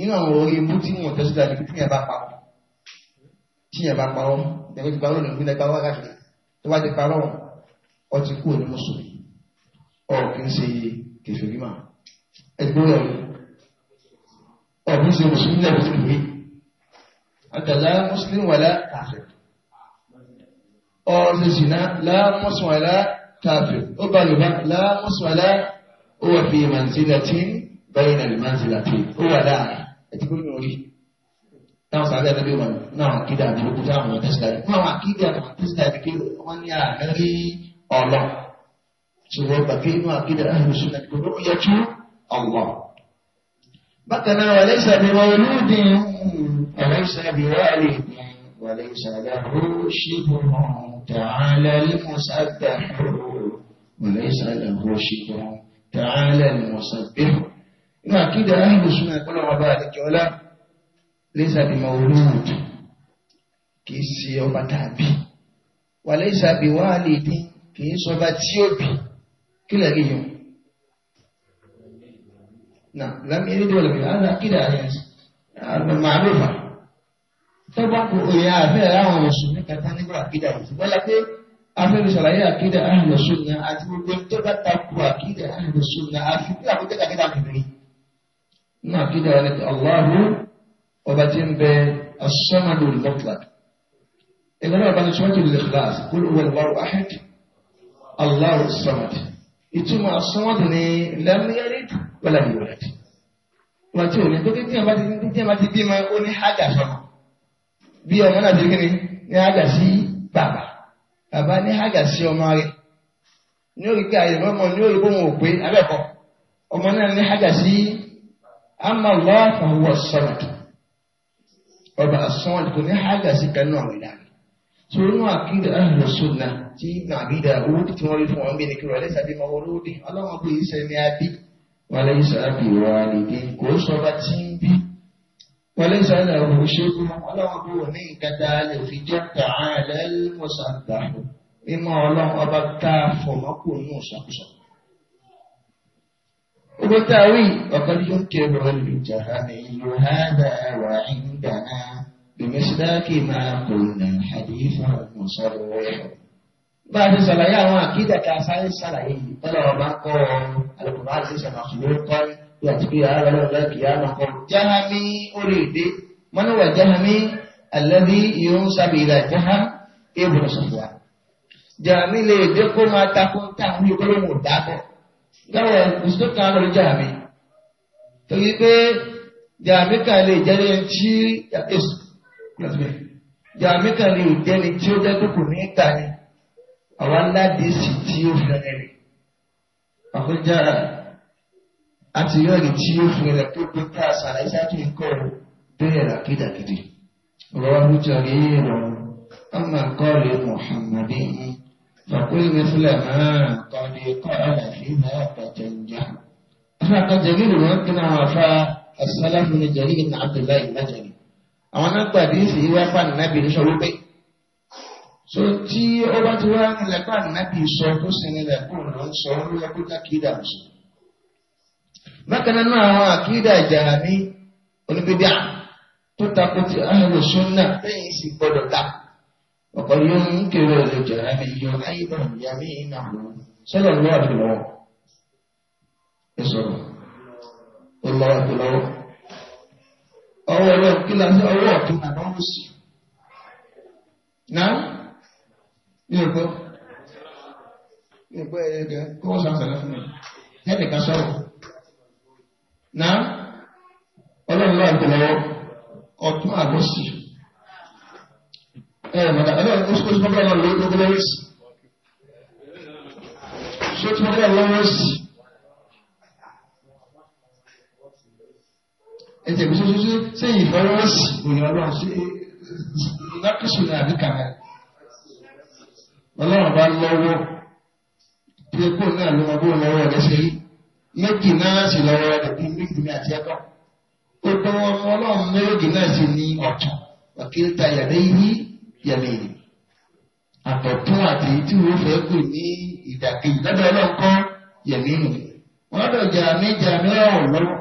inú àwọn ìròrí ibú tí mọ̀ tẹ̀sílà ní pípín ẹ̀ bá pa ọ́ tí bá pa ọ́ tẹ̀wé ti parọ́ lòmí lẹ́gbà wá káàkiri tó bá ti parọ́ ọ ti kú òní mùsùlùmí ọ kì í ṣe kèfèrí mà ẹgbẹ́ rẹ̀ ọ kì í ṣe mùsùlùmí lẹ́gbẹ̀ẹ́ tó lùmí àtàlá mùsùlùmí wà lá ọ ṣe ṣìnà lá mùsùlùmí wà lá ó bá lùmá lá wà ó wà fi màǹtí latin báyìí nà lè màǹtí latin ó wà láàrin ẹ̀dínkù táwọn sàbẹ̀ ẹ̀rọ bí wọn náà àkídà àti olùkú táwọn ọmọ tẹ́sílà yìí fún àwọn àkídà àwọn tẹ́sílà yìí pé wọ́n ní àárí ọ̀lọ́ ṣùgbọ́n gbàgbé inú àkídà ahlu sunnah kò ló yẹ kí ọ̀lọ́. bákan náà wàlẹ́ ìṣàbẹ̀ wọn olóòdì wàlẹ́ ìṣàbẹ̀ wàlẹ́ wàlẹ́ ìṣàbẹ̀ ṣìbùn tààlà lẹ́mọ̀sàbẹ̀ wàlẹ́ ìṣàbẹ̀ ṣìbùn tààlà lẹ́mọ̀sàbẹ̀ inú àkídà ahlu sunnah kò lọ́wọ́ bá àdékẹ́ ọlá lẹ́sà bí maulud kìí ṣe ọba tàbí wà lẹ́sà bí wálìdí kìí sọba tí ó bì kí lẹ́rí yọ na lámìrí tó lè ara kí lẹ́rí àrùn màálùfà tó bá kú òye àfẹ́ àwọn mùsùlùmí kàtà nígbà àkídà mùsùlùmí wọ́n lápé afẹ́rẹ́ ṣàlàyé àkídà ahlus sunna àti gbogbo tó bá takò àkídà ahlus sunna àfi bí àkójẹ́ Allahu ọba tí ń bẹ asọ́mọdé olùdókòlàdì ìgbàlá ọba ní sọ́wọ́tò lèkìlás kúlù wẹ̀lúwàrú ahẹ́dì aláwọ̀ sọ́mọdé ìtumọ̀ asọ́mọdé ní lẹ́mìíràn wọlé ìwọlẹ́dì wọ́n ti òní tó kékeré bá ti kékeré bá ti bí ma ó ní hájà sọ́mọ bí ọmọ náà ti kékeré ní hájà sí bàbá bàbá ní hájà sí ọmọ rẹ̀ ní orí pé ní orí bóun ò pé ọmọ náà ní hájà sí amọ̀ lọ́wọ́ sọ́mọdé ọba asọ́n kò ní hájà sí kanú àwọn ìlànà tó nínú àkídà ahlu sunna tí nàbídà olódì tí wọ́n rí fún wọn bí ní kí wọ́n lẹ́sàbí mọ́ olódì ọlọ́wọ́n pé iṣẹ́ ní adé wọn lẹ́yìn sàábì wà nìdí kò sọba tí ń bí wọn lẹ́yìn sàábì àwọn òṣèlú ọlọ́wọ́n pé wọn ní ìkàtà lè fi jẹ́ tààlẹ́ mọ́sàdàhù mímọ́ ọlọ́wọ́n ọba tá a fọ̀mọ́kù nù sàkóso. Owó tá a rí ọ̀kan ló ń kẹ́ bọ̀ lù jàrá ìlú hádà wà ìdáná. Bìmísíláàkì máa kò nà àdìfà mùsọ̀rọ̀ rẹ̀. Bá a ti sàlàyé àwọn àkídà tá a sáré sàlàyé yìí, tọ́lá ọba kọ́ àlùkò bá a ti sàmà fún ló kọ́ bí àti pé ara lọ́wọ́ lọ́wọ́ kì í á máa kọ́. Jahami orí èdè, mọ́níwà Jahami alẹ́bí yóò sábìlà Jaham Ibn Safwan. Jahami lè dé kó máa takò táwọn ìkọlóhùn dábọ̀ gáwọn mùsùlùmí kan lórí jàmí torí pé jàmí kan lè jẹ́ ní tí èso jàmí kan lè jẹ́ ní tí ó jẹ́ kókò ní ìta ni àwọn aládé sì tí ó fi rẹ̀ rẹ̀ àkójá àti yọ̀ọ̀dì tí ó fi rẹ̀ tó pé ká àṣàlàyé ṣáájú nǹkan bẹ́ẹ̀ rà kídàkidì. رواه جرير عن قال محمد فقل مثل ما قد قال فيما فتنجح هذا جرير وكان عفا السلف من جرير بن عبد الله المجري àwọn náà gbàdí sí wáfà nàbì sọ wípé so tí ó bá ti wá nílẹ̀ bá nàbì sọ tó sì nílẹ̀ kó ló ń sọ ló yẹ kó dákìdá sọ. bákan náà àwọn àkìdá ìjàrà ní oníbíbíà tó takò ti ahlu sunna bẹ́ẹ̀ sì gbọ́dọ̀ dáa. وقد ينكر الجهمي أيضا يمينه صلى الله عليه وسلم ìṣòro ìlọ ìlọwọ ọwọ́ ẹ̀rọ kílà sí ọwọ́ ọ̀tún àbá ń sì náà ní ọgbọ́ ní ọgbọ́ ẹ̀yẹ gẹ kó wọ́n sàṣẹ̀lẹ̀ fún mi ẹnì kan sọ̀rọ̀ náà ọlọ́run náà ìlọwọ ọ̀tún àbá sì ẹ mọ̀tà ẹ náà oṣù tó mọ́kànlá ló ló lọ́wọ́ sí oṣù tó mọ́kànlá lọ́wọ́ sí. ẹ tẹ̀ bísí oṣù sẹ́yìn ìfọwọ́ sí òyìn ọlọ́run sí lákìsù ní àbí kàmẹ́. ọlọ́run bá lọ́wọ́ bí epo náà ló mọ bó lọ́wọ́ rẹ̀ ṣe rí méjì náà sì lọ́wọ́ rẹ̀ bí méjì náà ti ẹ̀kọ́. ó gbọ́n ọmọ ọlọ́run méjì náà sì ní ọ̀tún ọ̀kìlítà yàrá yìí yẹmi àtọ̀tún àti tí wọ́n fẹ́ pè ní ìdàkejì lábẹ́ ọlọ́nkọ́ yẹmi wọ́n dọ̀jà méjà mẹ́rọ̀ lọ́wọ́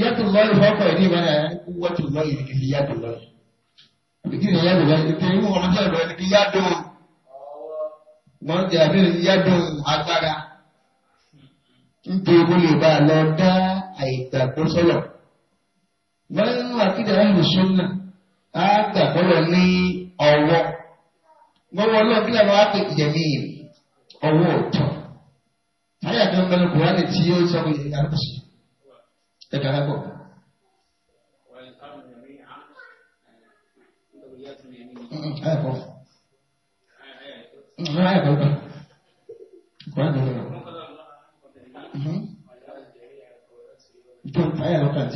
yàtọ̀ lọ́yìn fọ́kọ̀ ìdí ìbára wọ́tò lọ́yìn kìí yàtọ̀ lọ́yìn kìí ni yàtọ̀ lọ́yìn kìí wọ́n ọmọ sọ̀rọ̀ lọ́yìn kìí yàtọ̀ wọ́n jà mí yàtọ̀ agbára nítorí lè bá a lọ dá àìgbàgbọ́ wọ́n ń wà á gbàgbọ́lọ̀ ní ọwọ́ gbọ́wọ́ ọlọ́run kí lẹ́nu á pè jẹ̀mí ọwọ́ ọ̀tọ̀ ayé àti ọmọ ẹlẹ́kùn wá ní tí ó sọ pé àrùbùsì ẹ̀ka lápọ̀. ayẹ̀kọ́ ayẹ̀kọ́ gbà kọ́ ẹ̀kọ́ gbà. Don't fire up at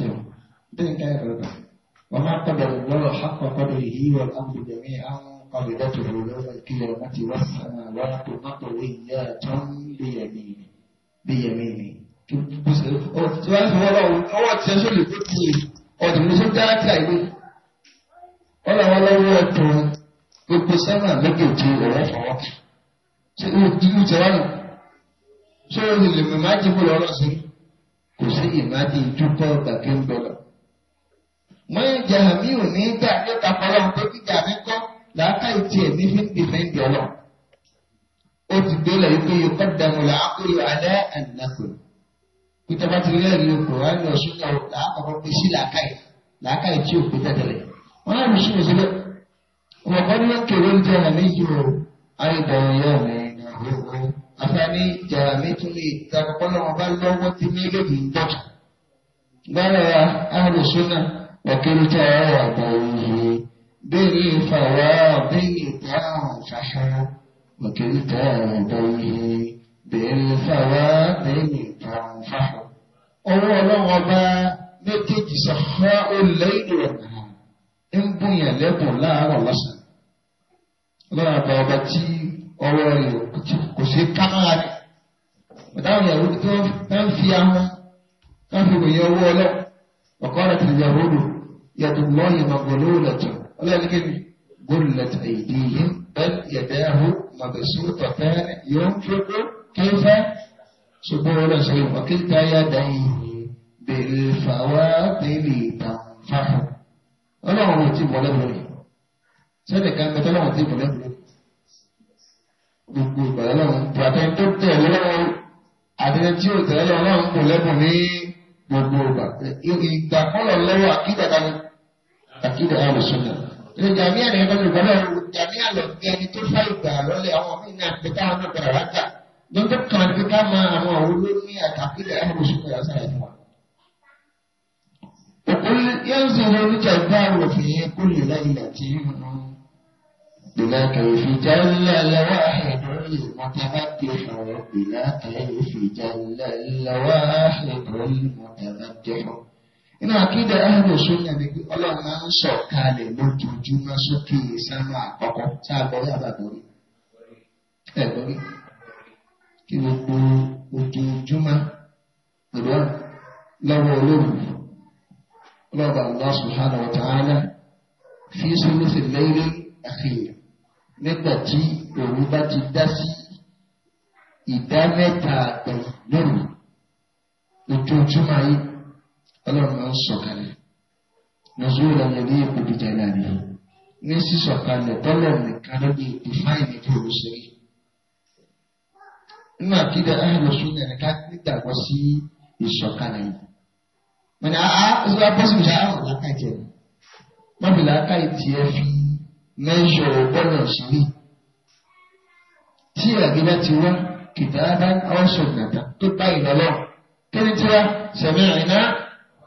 وما قدر الله حق قدره والأمر جميعا قبضته يوم القيامة والسماوات مطويات بيمينه بيمينه ọwọ́ ti ẹjọ́ lè tó ti ọdún tó dáadáa ìwé ọlọ́wọ́ lọ́wọ́ ọ̀tọ̀ gbogbo sẹ́mà lọ́gẹ̀ẹ́jì ọ̀rọ̀ fọwọ́ ṣe ìlú tẹ̀wá nù ṣé o lè lè mọ̀ máa jẹ́ bó lọ́rọ̀ sí kò sí ìmáàdì ìdúpọ̀ gbàgbé ń bọ̀ lọ wọ́n ń jà mí ò ní jà ní ìtàkùn ọlọ́run tó kíjà mi kọ́ làákà ìtì ẹ̀mí fi ń dìfẹ́ǹdì ọlọ́run. ó ti dé lẹ́yìn pé yòókù dàmú làákùrù alẹ́ ànàkùn. pété bá ti rí ẹ̀rí okùn wọn ní ọ̀ṣun náà làákọ̀ọ́kọ́ pé sí làákà yìí làákà yìí tí ò pété tẹ̀lé. wọ́n á lùsùn òṣèlú ọmọkọ́ ní kèrè ń jẹ́ àmì yìí ayédèrè yóò mẹ́rin afẹ́ni jẹ̀rà tún lè ta وكلتا يديه بالفواضل تنفحا وكلتا يديه بالفواضل تنفحا ọwọ́ ọlọ́wọ́ bá méjèèjì sọ̀rọ̀ olè ìdúró ń bùnyàn lẹ́bùn láàárọ̀ lọ́sàn-án lọ́wọ́ àgbà ọba tí ọwọ́ rẹ̀ kò sí kámẹ́rà rẹ̀ ọ̀dáwọn ìyàwó tó ń fi ahọ́n tó ń fi wòye ọwọ́ ọlọ́wọ́ ọ̀kọ́ rẹ̀ tẹ̀lé ìyàwó lò yadullahi maghlulatan ọlọ́run kí ni gullat aydihim bal yadahu mabsuutatan yunfiqu kayfa ṣùgbọ́n ọlọ́run ṣe wà kí ta yá dáhìn bil fawaatili tanfahu ọlọ́run ò tí mọ́lẹ́ mọ́lẹ́ sẹ́lẹ̀ kan gbẹ́tọ́ ọlọ́run tí mọ́lẹ́ mọ́lẹ́ gbogbo ìgbà ọlọ́run tó àtẹ́ tó tẹ̀ lọ́wọ́ àtẹ́tẹ́ tí ò tẹ̀ lọ́wọ́ ọlọ́run kò lẹ́bùn ní gbogbo ìgbà ìgbà kọ́lọ̀ lọ́wọ́ àkídàdà ni àkídà ẹ̀ lọ́sọ̀nà. ilé jàmíà ni ẹ̀kọ́ yorùbá náà wò jàmíà lọ bí ẹni tó fà ìgbà lọ́lẹ̀ àwọn míì náà pé káwọn náà padà wá gbà. kan pé ká máa àwọn àwọn olómi àkàkídà ẹ̀ lọ́sọ̀nà yà sára ẹ̀ wà. òkun yẹn ń sọ̀rọ̀ oníjà gbá òfin yẹn kó lè láyé láti yíyún بلا كيف جل الواحد المتفتح بلا كيف جل الواحد المتفتح nínú àkídà ahlu sunna ni pé ọlọ́run máa ń sọ̀ kalẹ̀ lójoojúmọ́ sókè sánú àkọ́kọ́ tá a gbọ́rí àbàgbọ́rí ẹ̀ gbọ́rí kí gbogbo ojoojúmọ́ ìrọ̀ lọ́wọ́ olóòrùn ọlọ́ba Allah subhanahu wa ta'ala fi sulusi lẹ́yìn àfihàn nígbà tí òun bá ti dá sí ìdá mẹ́ta àgbẹ̀yìn lóru ojoojúmọ́ yìí ọlọ́run máa ń sọ̀kalẹ̀ nàìjíríà làwọn ẹbí èkó dìjà ìlànà ní sísọ̀kalẹ̀ tọ́lọ̀ nìkan lórí ètò fáìlì tó o ṣe rí nínú àkídà ahìlọ́sùn nìyẹn ká nígbàgbọ́ sí ìsọ̀kalẹ̀ yìí wọ́n ní àá ìṣúra bọ́sùn ìṣá àwọn làákàjẹ́ wọ́n fi làákàyè tiẹ̀ fi mẹ́ṣọ̀ bọ́ọ̀lù ìṣírí tí àgbẹ̀dá ti wá kìtà ọ̀ṣọ̀ nàta tó bá ìlọ́lọ́ kẹ́ni tí wá sẹ̀mí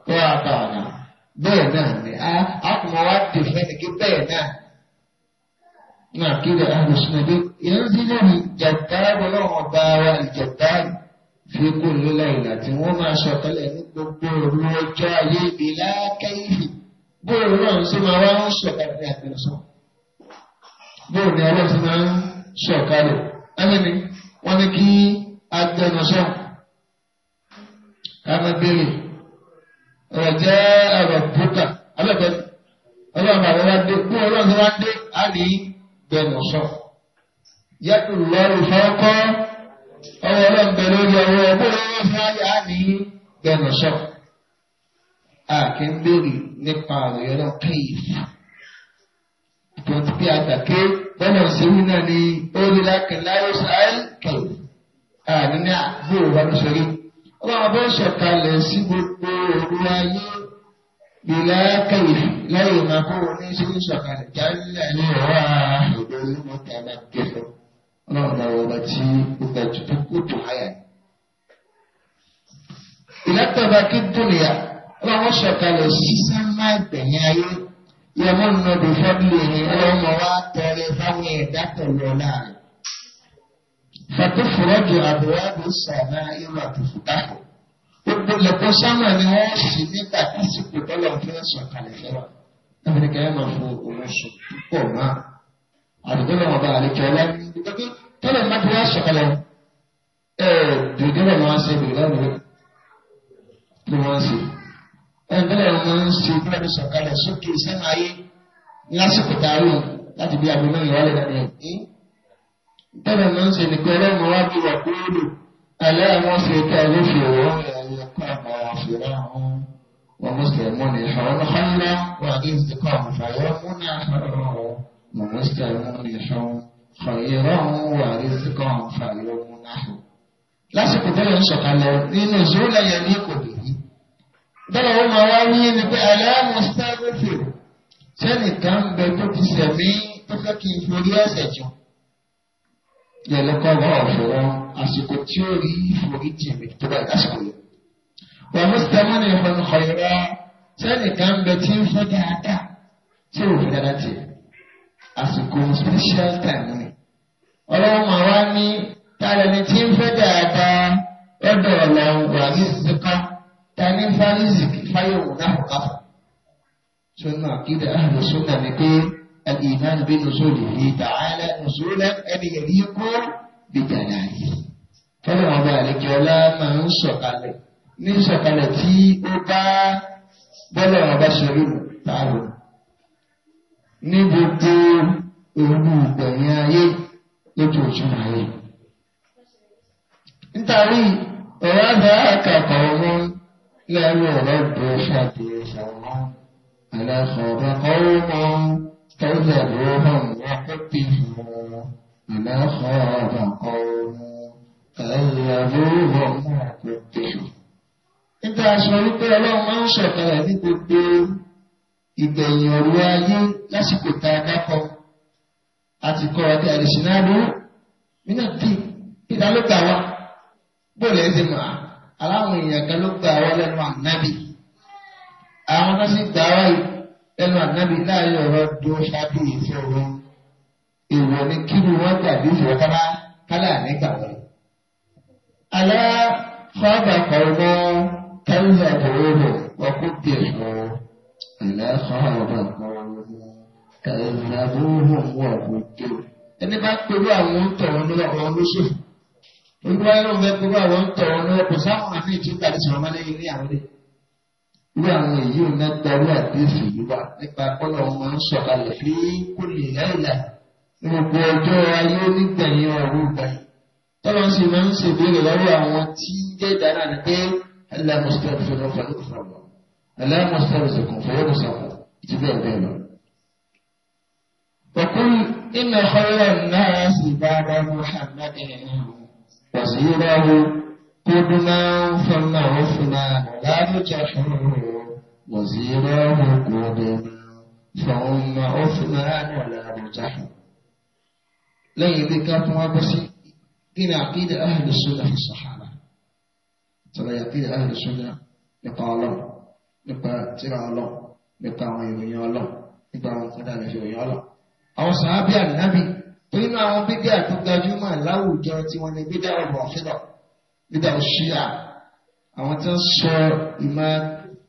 tọ́ra ta ọ̀nà bẹ́ẹ̀ náà ni a kò mọ̀ wá dè fún ẹnìkí bẹ́ẹ̀ náà náà kí lè a lè sùn ẹbí ìyẹn ti lè ní jàdá ọlọ́run ọba wa ìjàdá fi kó lílà ìlà tí wọ́n máa sọ̀kalẹ̀ ní gbogbo òru ọjọ́ ayé ibi lákẹ́yìí bóòlù náà sì máa wá ń sọ̀kalẹ̀ ní àtẹnusọ bóòlù náà sì máa ń sọ̀kalẹ̀ ẹni wọ́n ní kí agbẹnusọ ká má ọ̀jẹ́ ọ̀rọ̀ bùkà abẹ́fẹ́ ọlọ́run àwọn wa dé kún ọlọ́run tó wá dé á rí bẹ̀rù sọ. yàtò lọ́rùn fọ́kọ́ ọwọ́ ọlọ́run bẹ̀rù lórí ọwọ́ ọgbọ́n ọlọ́run fún ayé á rí bẹ̀rù sọ. a kì í béèrè nípa àròyé náà tó ti pé àtàké bọ́lá òṣèlú náà ni ó rí lákìláyò sáyẹ́ kéèyàn. a ní ní àbúrò wa ló ṣe ọlọ́run bó sọ̀kalẹ̀ sí gbogbo òru ayé ìlà kẹyì lẹ́yìn máa kó wọn ní sí sọ̀kalẹ̀ jálẹ̀ ní ọ̀rọ̀ àìdè olúmọ̀tà máa kẹfọ́ ọlọ́run náà wọ́n ti gbogbo ẹ̀tùtù kó tó háyà ní. ìlàtọ̀ba kí dúnìyà ọlọ́run sọ̀kalẹ̀ sí sámá ìgbẹ̀yìn ayé yẹmọ́ nínú ọdún fọ́dúnlẹ̀ ni ọlọ́run wa tẹ̀lé fáwọn ẹ̀dá tẹ̀lé ọ̀la rẹ̀ fàtúfùrọ́jù àbúrádù sàmà irú àtúfùtàkù gbogbo lẹ́kọ̀ọ́ sámà ni wọ́n sì nígbà tásìkò tọ́lọ̀ fi ń sọ kalẹ̀ fẹ́ra ẹ̀mí kẹ́yẹ́ máa fún oṣù púpọ̀ máa àdúgbò náà ọba àlejò ọlá tọ́lọ̀ máa fi wá sọ kalẹ̀ ẹ̀ dùdú náà máa ń ṣe dùdú náà ló máa ń ṣe ẹ̀ńdẹ́lẹ̀ máa ń ṣe bí wọ́n sọ kalẹ̀ sókè sẹ́nu ayé lásìkò tààrí láti bí abúlé ìwálé náà tọ́lọ̀ máa ń ṣe nìkan ọlọ́run wá bí wà kúrò alẹ́ àwọn ṣe ká ló fi ọ̀rọ̀ ẹ̀yà kọ́ àwọn àṣírà àwọn wọn mùsùlùmí ní ìṣòro ńlá wà ní ìsìnkọ́ àmàfàyọ́ múnà àṣọ̀rọ̀ wọn mùsùlùmí ní ìṣòro fàyẹ̀rọ̀ wà ní ìsìnkọ́ àmàfàyọ́ múnà àṣọ. lásìkò tọ́lọ̀ ń sọ̀kalẹ̀ nínú ìṣòro ní kò tó fẹ́ kí n forí ẹ̀sẹ̀ jù lẹ́lẹ́kọ́ wá ọ̀fọ̀wọ́ àsìkò tí ó rí ìforíjì mi tó bá ìdásìkò yìí. wọ́n mú sẹ́wọ́n ní ìfọ̀nù ọ̀yọ́rọ́ sẹ́nìkan ń bẹ tí ń fọ́ dáadáa tí ò fi dáadáa tì. àsìkò special time ni. ọlọ́run máa wá ní tààrẹ ni tí ń fẹ́ dáadáa lọ́dọ̀ ọ̀làwùn wàhálì síkà ta ní fáyìzì fáyòwò náà kàfọ́. sọ́nà àkídà àlùsọ́nà ni pé. الإيمان بنزوله تعالى نزولا أن يليق بجلاله فلو ذلك ولا من سقل من سقلتي أبا بلا بشر تعالى نبدو òru ìgbẹ̀yìn ayé lójú òjú ayé. Nítorí ọ̀rọ̀ àgbà àkàkọ̀ ọmọ lẹ́rú ọ̀rọ̀ bẹ̀rẹ̀ ṣàtìlẹ́sà wọn, àlàkọ̀ ọ̀rọ̀ kọ́ ó mọ́. كذبوهم وقتلوا بما خاب قوم كذبوهم وقتلوا nígbà aṣọ wípé ọlọ́run máa ń ṣọ̀tàrà ní gbogbo ìgbẹ̀yìn ọ̀rọ̀ ayé lásìkò tá a dákọ̀ àti kọ́ ọdẹ àdìsínáró nínú bí ìdá ló gbà wá bóòlù ẹ̀ ṣe mọ̀ aláwọn èèyàn kan ló gbà wá lẹ́nu ànábì àwọn ẹnu ànábi náà yọrọ do ṣáàbì ìfẹ́ wọn èèwọ̀ ni kí ni wọ́n gbàgbé ìfẹ́ kára kálá nígbà wọn. alá fábà kọ̀ọ̀mọ́ kẹ́lẹ́ àbúrò ọkọ̀ bìrì mọ́ alá fábà kọ̀ọ̀mọ́ kẹ́lẹ́ àbúrò ọkọ̀ bìrì. ẹni bá pẹ̀lú àwọn ń tọ̀wọ́ ní ọ̀rọ̀ lóṣù olúwa yóò fẹ́ pẹ̀lú àwọn ń tọ̀wọ́ ní ọkọ̀ sáwọn àmì ìtúgbà ti sọ̀rọ̀ mọ́lẹ́yìn ní àwọn ilé ní àwọn èyí ò ná darí àdéhùn yìí wá nípa kọ́lọ̀ wọn ń sọ̀kalẹ̀ fi kó lè láìlà gbogbo ọjọ́ ayé nígbẹ̀yìn ọ̀rọ̀ gbàyìn tọ́lọ́ sì máa ń ṣèbéèrè lọ́wọ́ àwọn tí ń jẹ́ ìdáná ni pé ẹlẹ́ mọ̀sítẹ́rì fún ọ̀fà ló fà wọ́n ẹlẹ́ mọ̀sítẹ́rì fọwọ́ lọ́sàn án ti bẹ́ẹ̀ bẹ́ẹ̀ lọ. òkun iná ọlọ́run náà sì bá ara mọ́ àmọ́ قدنا فالعفنا لا نجحوا وزيراه قدنا فهم عفنا ولا نجحوا لين ذكرتها بس إلى عقيدة أهل السنة في الصحابة ترى عقيدة أهل السنة يقال nípa tíra ọlọ nípa àwọn ìròyìn ọlọ nípa àwọn nǹkan dáadáa fi ròyìn ọlọ. àwọn sàábíà nàbì tó nínú àwọn bídíà tó gbajúmọ̀ láwùjọ tí wọ́n ní bídíà ọ̀bọ̀ fídọ̀ bídà ṣíà àwọn tí ń sọ ìmọ̀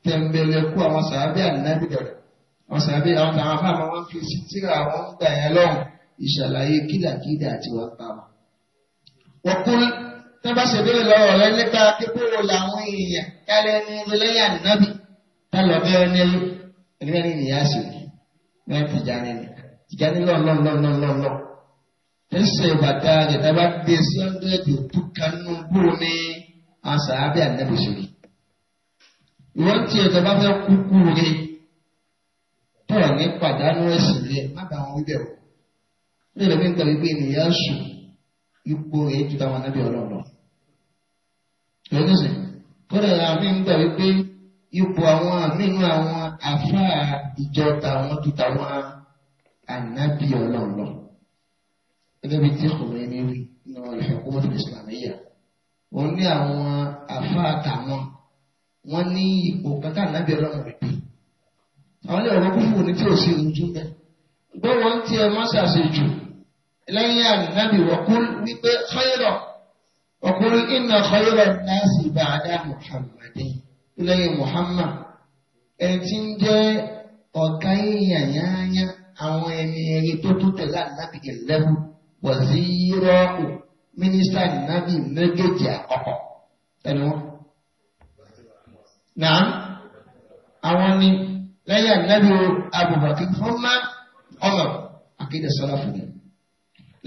tẹ̀m̀bẹ̀lẹ̀kú àwọn sàábẹ́ ànábì dọ̀rẹ̀ àwọn sàábẹ́ àwọn àwọn afáàmà wọn fi sí tíra àwọn ń gbà yẹn lọ́hùn ìṣàlàyé kídàkídà àti wọn pa wọn. wọ́n kún tí wọ́n bá ṣe béèrè lọ́wọ́ rẹ nípa kíkúrò làwọn èèyàn kálẹ̀ ní ìrẹ̀lẹ́yà ànábì tálọ̀ bẹ́ẹ̀ ní ẹ̀rí ẹ̀rí ìyá sí ní ẹ̀ tìjà ní ẹ̀ tìjà ní lọ́ọ̀lọ́ọ̀lọ́ọ̀lọ́ọ̀lọ́ọ̀ tẹsẹ bàtà rẹ dábà dé sí ọndẹẹdì òtú kanú bó ní asàábẹ ànábìsòrì wọn tiẹ̀ tọba fẹ́ kúkú rẹ tọ ní pàdánù ẹ̀sìn rẹ má bàa wọn wíbẹ o ní ìrẹ̀lẹ̀ nígbà wípé ènìyàn sùn ipò rẹ ju táwọn anábì ọlọrọ lọdọsẹ kọdà àmì ń gbà wípé ipò àwọn nínú àwọn àfáà ìjọ tàwọn ju táwọn anábì ọlọrọ gẹ́gẹ́ bí tí kòrò ẹni wí nínú al-hukumatu al-islamiyya òun ní àwọn àfáà tàwọn wọ́n ní ipò kàkà nábì ọlọ́run rẹ̀ dé àwọn ilé ọ̀rọ̀ kúfù ní tí ò sí ojú bẹ́ gbọ́ wọn ti ẹ má ṣàṣejù lẹ́yìn ànábì wọ́kún wípé khayra wọ́kún inna khayra an-nasi ba'da muhammadin lẹ́yìn muhammad ẹni tí ń jẹ́ ọ̀gá yíyan àwọn ẹni ẹyẹ tó tó tẹ̀lé ànábì ẹ̀lẹ́wọ̀n wazira mínísítà nàbì méjèèjì àkọ́kọ́ tẹnu wọn. Nà àwọn ni lẹ́yìn ànábì Abubakar fúnmá ọmọ akéde sọlá fún mi.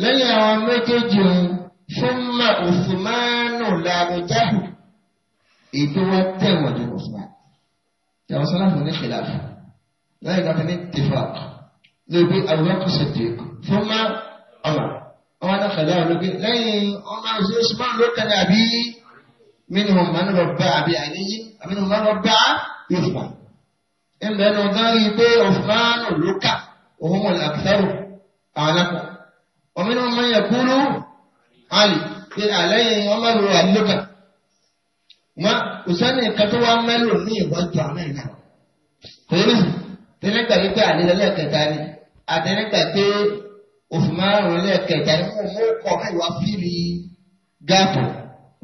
Lẹ́yìn àwọn méjèèjì òun fúnmá Usmanu làbújáhù ètò wọn tẹ̀wọ̀n ju Usman. Yàrá sọlá fún mi kìlá fún. Lẹ́yìn kan ní tìfà lóbi Abubakar Siddiq fúnmá ọmọ fàdá olóbi lẹ́yìn ọmọ àti Usman ló kàn àbí mínú mọ́nà rọ̀bà àbí àníyí àmínú mọ́nà rọ̀bà yorùbá. ẹnbẹ́ ní ọgá rí i pé Usman ló kà òun mọ̀ làkúfẹ́rù àlápọ̀. ọmọnà ọmọ yẹn kúrú àlè pé àlẹ́yìn ọmọ rẹ̀ àlùkà. wọn òsánì kan tó wá mẹ́lò ní ìwájú àmì ìlà. kò yẹ kí tẹ́lẹ̀ àlè lọ́lẹ́ kẹta ni àtẹ́lẹ̀ oṣù márùn-ún lẹ́ẹ̀kẹta ni wọ́n mú kọ́ àìwá fíìlì gáàpù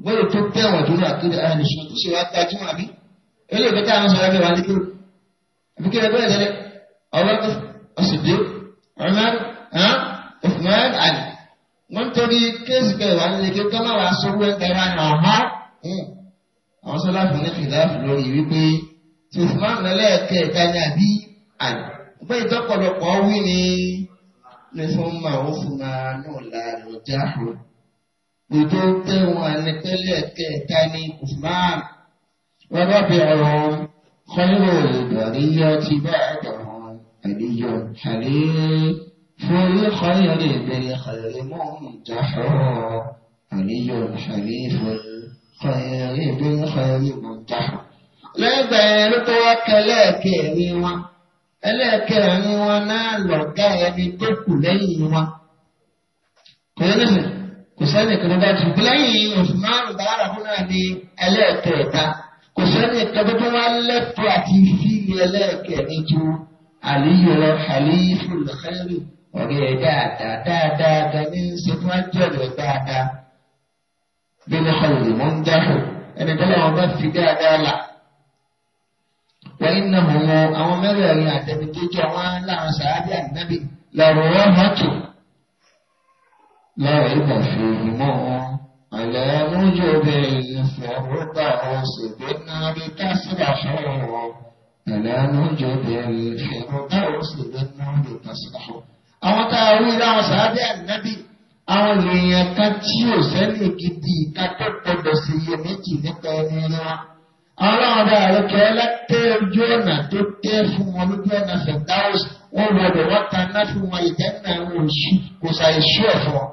gbọ́dọ̀ tó tẹ̀wọ̀n tó ní àkéde àìlèṣọ́ tó ṣe wá tajú àbí eléyìí bẹ́tà àwọn sọ̀rọ̀ ẹgbẹ́ wa ní kéwù àbí kéwù ẹgbẹ́ ìdẹ́lẹ́ ọ̀rọ̀ ọ̀sùdé ọ̀rọ̀ oṣù márùn-ún àlè wọ́n torí kéésì kẹwàá wà nílé kéwù kọ́má wàá sọ wọ́n ẹgbẹ́ ní ọ̀hán àwọn sọ́lá fún ní fìdáàfù lórí wípé tí oṣù márùn-ún lẹ́ẹ̀kẹta ni àbí àlè ní fún Uthman làlùjáhù gbogbo pé wọn ní pẹ̀lẹ́ kẹta ní Uthman wọn bá bẹ ọ̀rọ̀ kọlọ ìdọríyọ ti bá àdọrọ àdíyọ àrí fún kọlọ ìbẹ̀rẹ̀ kọlọ mọ ìjàhọ àdíyọ àrí fún kọlọ ìbẹ̀rẹ̀ kọlọ mọ ìjàhọ. lẹ́gbẹ̀ẹ́ ló tó kẹlẹ́ kẹrin wọn ẹlẹ́ẹ̀kẹrin wọn náà lọ̀gá ẹni tó kù lẹ́yìn wọn. kò yẹn nìyẹn kò sẹ́ni kan bá tù lẹ́yìn oṣù márùn-ún bàárà fún náà ní ẹlẹ́ẹ̀kẹta kò sẹ́ni kan tó wá àti fíìmù ẹlẹ́ẹ̀kẹrin tó àlíyọrọ àlíyífù lọ́kẹ́rì ọ̀rẹ́ dáadáa dáadáa dání ṣe fún ajọ́rẹ̀ dáadáa bí wọ́n kọ́ ìrìnnà ń dáhùn ẹni tó lọ́wọ́ bá fi dáadáa là lẹ́yìn náà mọ̀ wọn àwọn mẹ́rẹ̀ẹ̀rin àtẹ̀mí tó jẹ́ wọn láwọn sàábì ànábì lọ́rọ̀ wọn mọ́tò lọ́rọ̀ ìgbà fi ìmọ̀ wọn. على وجوب فرقع سبنا لتصلح على وجوب فرقع سبنا لتصلح àwọn tá a rí láwọn sábẹ́ ànábì àwọn èèyàn kan tí ò sẹ́lẹ̀ gidi ká tó gbọdọ̀ sí iye méjì nípa ẹni rí aláwọ̀dá rẹ̀ kẹ́lá tẹ́ ojú ọ̀nà tó tẹ́ fún wọn lójú ọ̀nà fẹ̀dáwọ̀s wọ́n wọ̀dọ̀ wọ́n ta ná fún wọn ìjẹ́nà wọn òṣù kò sàì sú ẹ̀fọ́ wọn.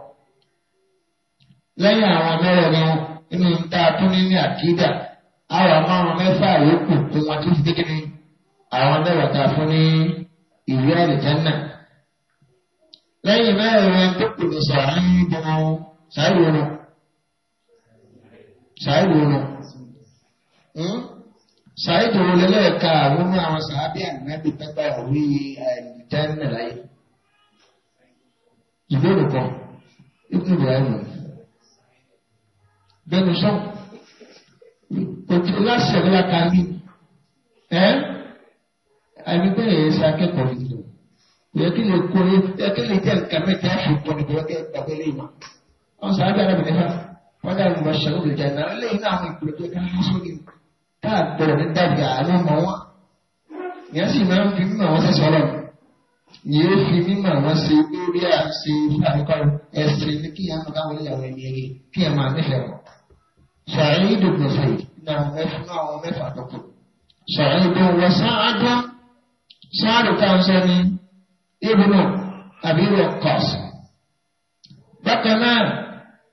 lẹ́yìn àwọn mẹ́rẹ̀ẹ̀rin wọn nínú níta tó ní ní àkídà àwọn márùn mẹ́fà yòókù tó wọn tó fi dékìní àwọn mẹ́wàá fún ní ìwé àlìjẹ́nà. lẹ́yìn mẹ́rẹ̀ẹ̀rin tó kù ní Hmm? ṣáìdì wọlé lẹ́ẹ̀ka àwọn ní àwọn sàábì ànábì pẹ́pẹ́ àwí àìdẹ́nà láyé ìbéèrè kan ibùdó ibrahim bẹ́ẹ̀ni sọ òtún láṣẹ ní akáàbí ẹ àbí bẹ́ẹ̀ yẹn ṣe akẹ́kọ̀ọ́ yìí lọ yẹ kí lè kó yẹ kí lè jẹ́ nǹkan mẹ́ta àfikún ní bẹ́ẹ̀ lè mọ̀ àwọn sàábì ànábì nípa wọ́n dà ní wọ́n ṣàlùbẹ̀jẹ̀ tá a gbọ́dọ̀ ní dàbí àánú mọ́ wọn ìyẹn sì máa ń fi mímọ̀ wọn sẹ́sọ̀ lọ ìyẹn fi mímọ̀ wọn ṣe lórí àṣẹ ìfàkọ́rọ̀ ẹ̀sìn ní kí àwọn káwọn ìyàwó ẹ̀mí ẹ̀yẹ kí ẹ̀ máa nífẹ̀ẹ́ wọn. sàáyé ìdògbò fèrè náà mẹ́fún àwọn mẹ́fà dọ́kù sàáyé ìdògbò wọn sáájú sáájú táwọn sọ ní ibùdó àbí ìwọ̀ kọ̀ọ̀sì. bákan náà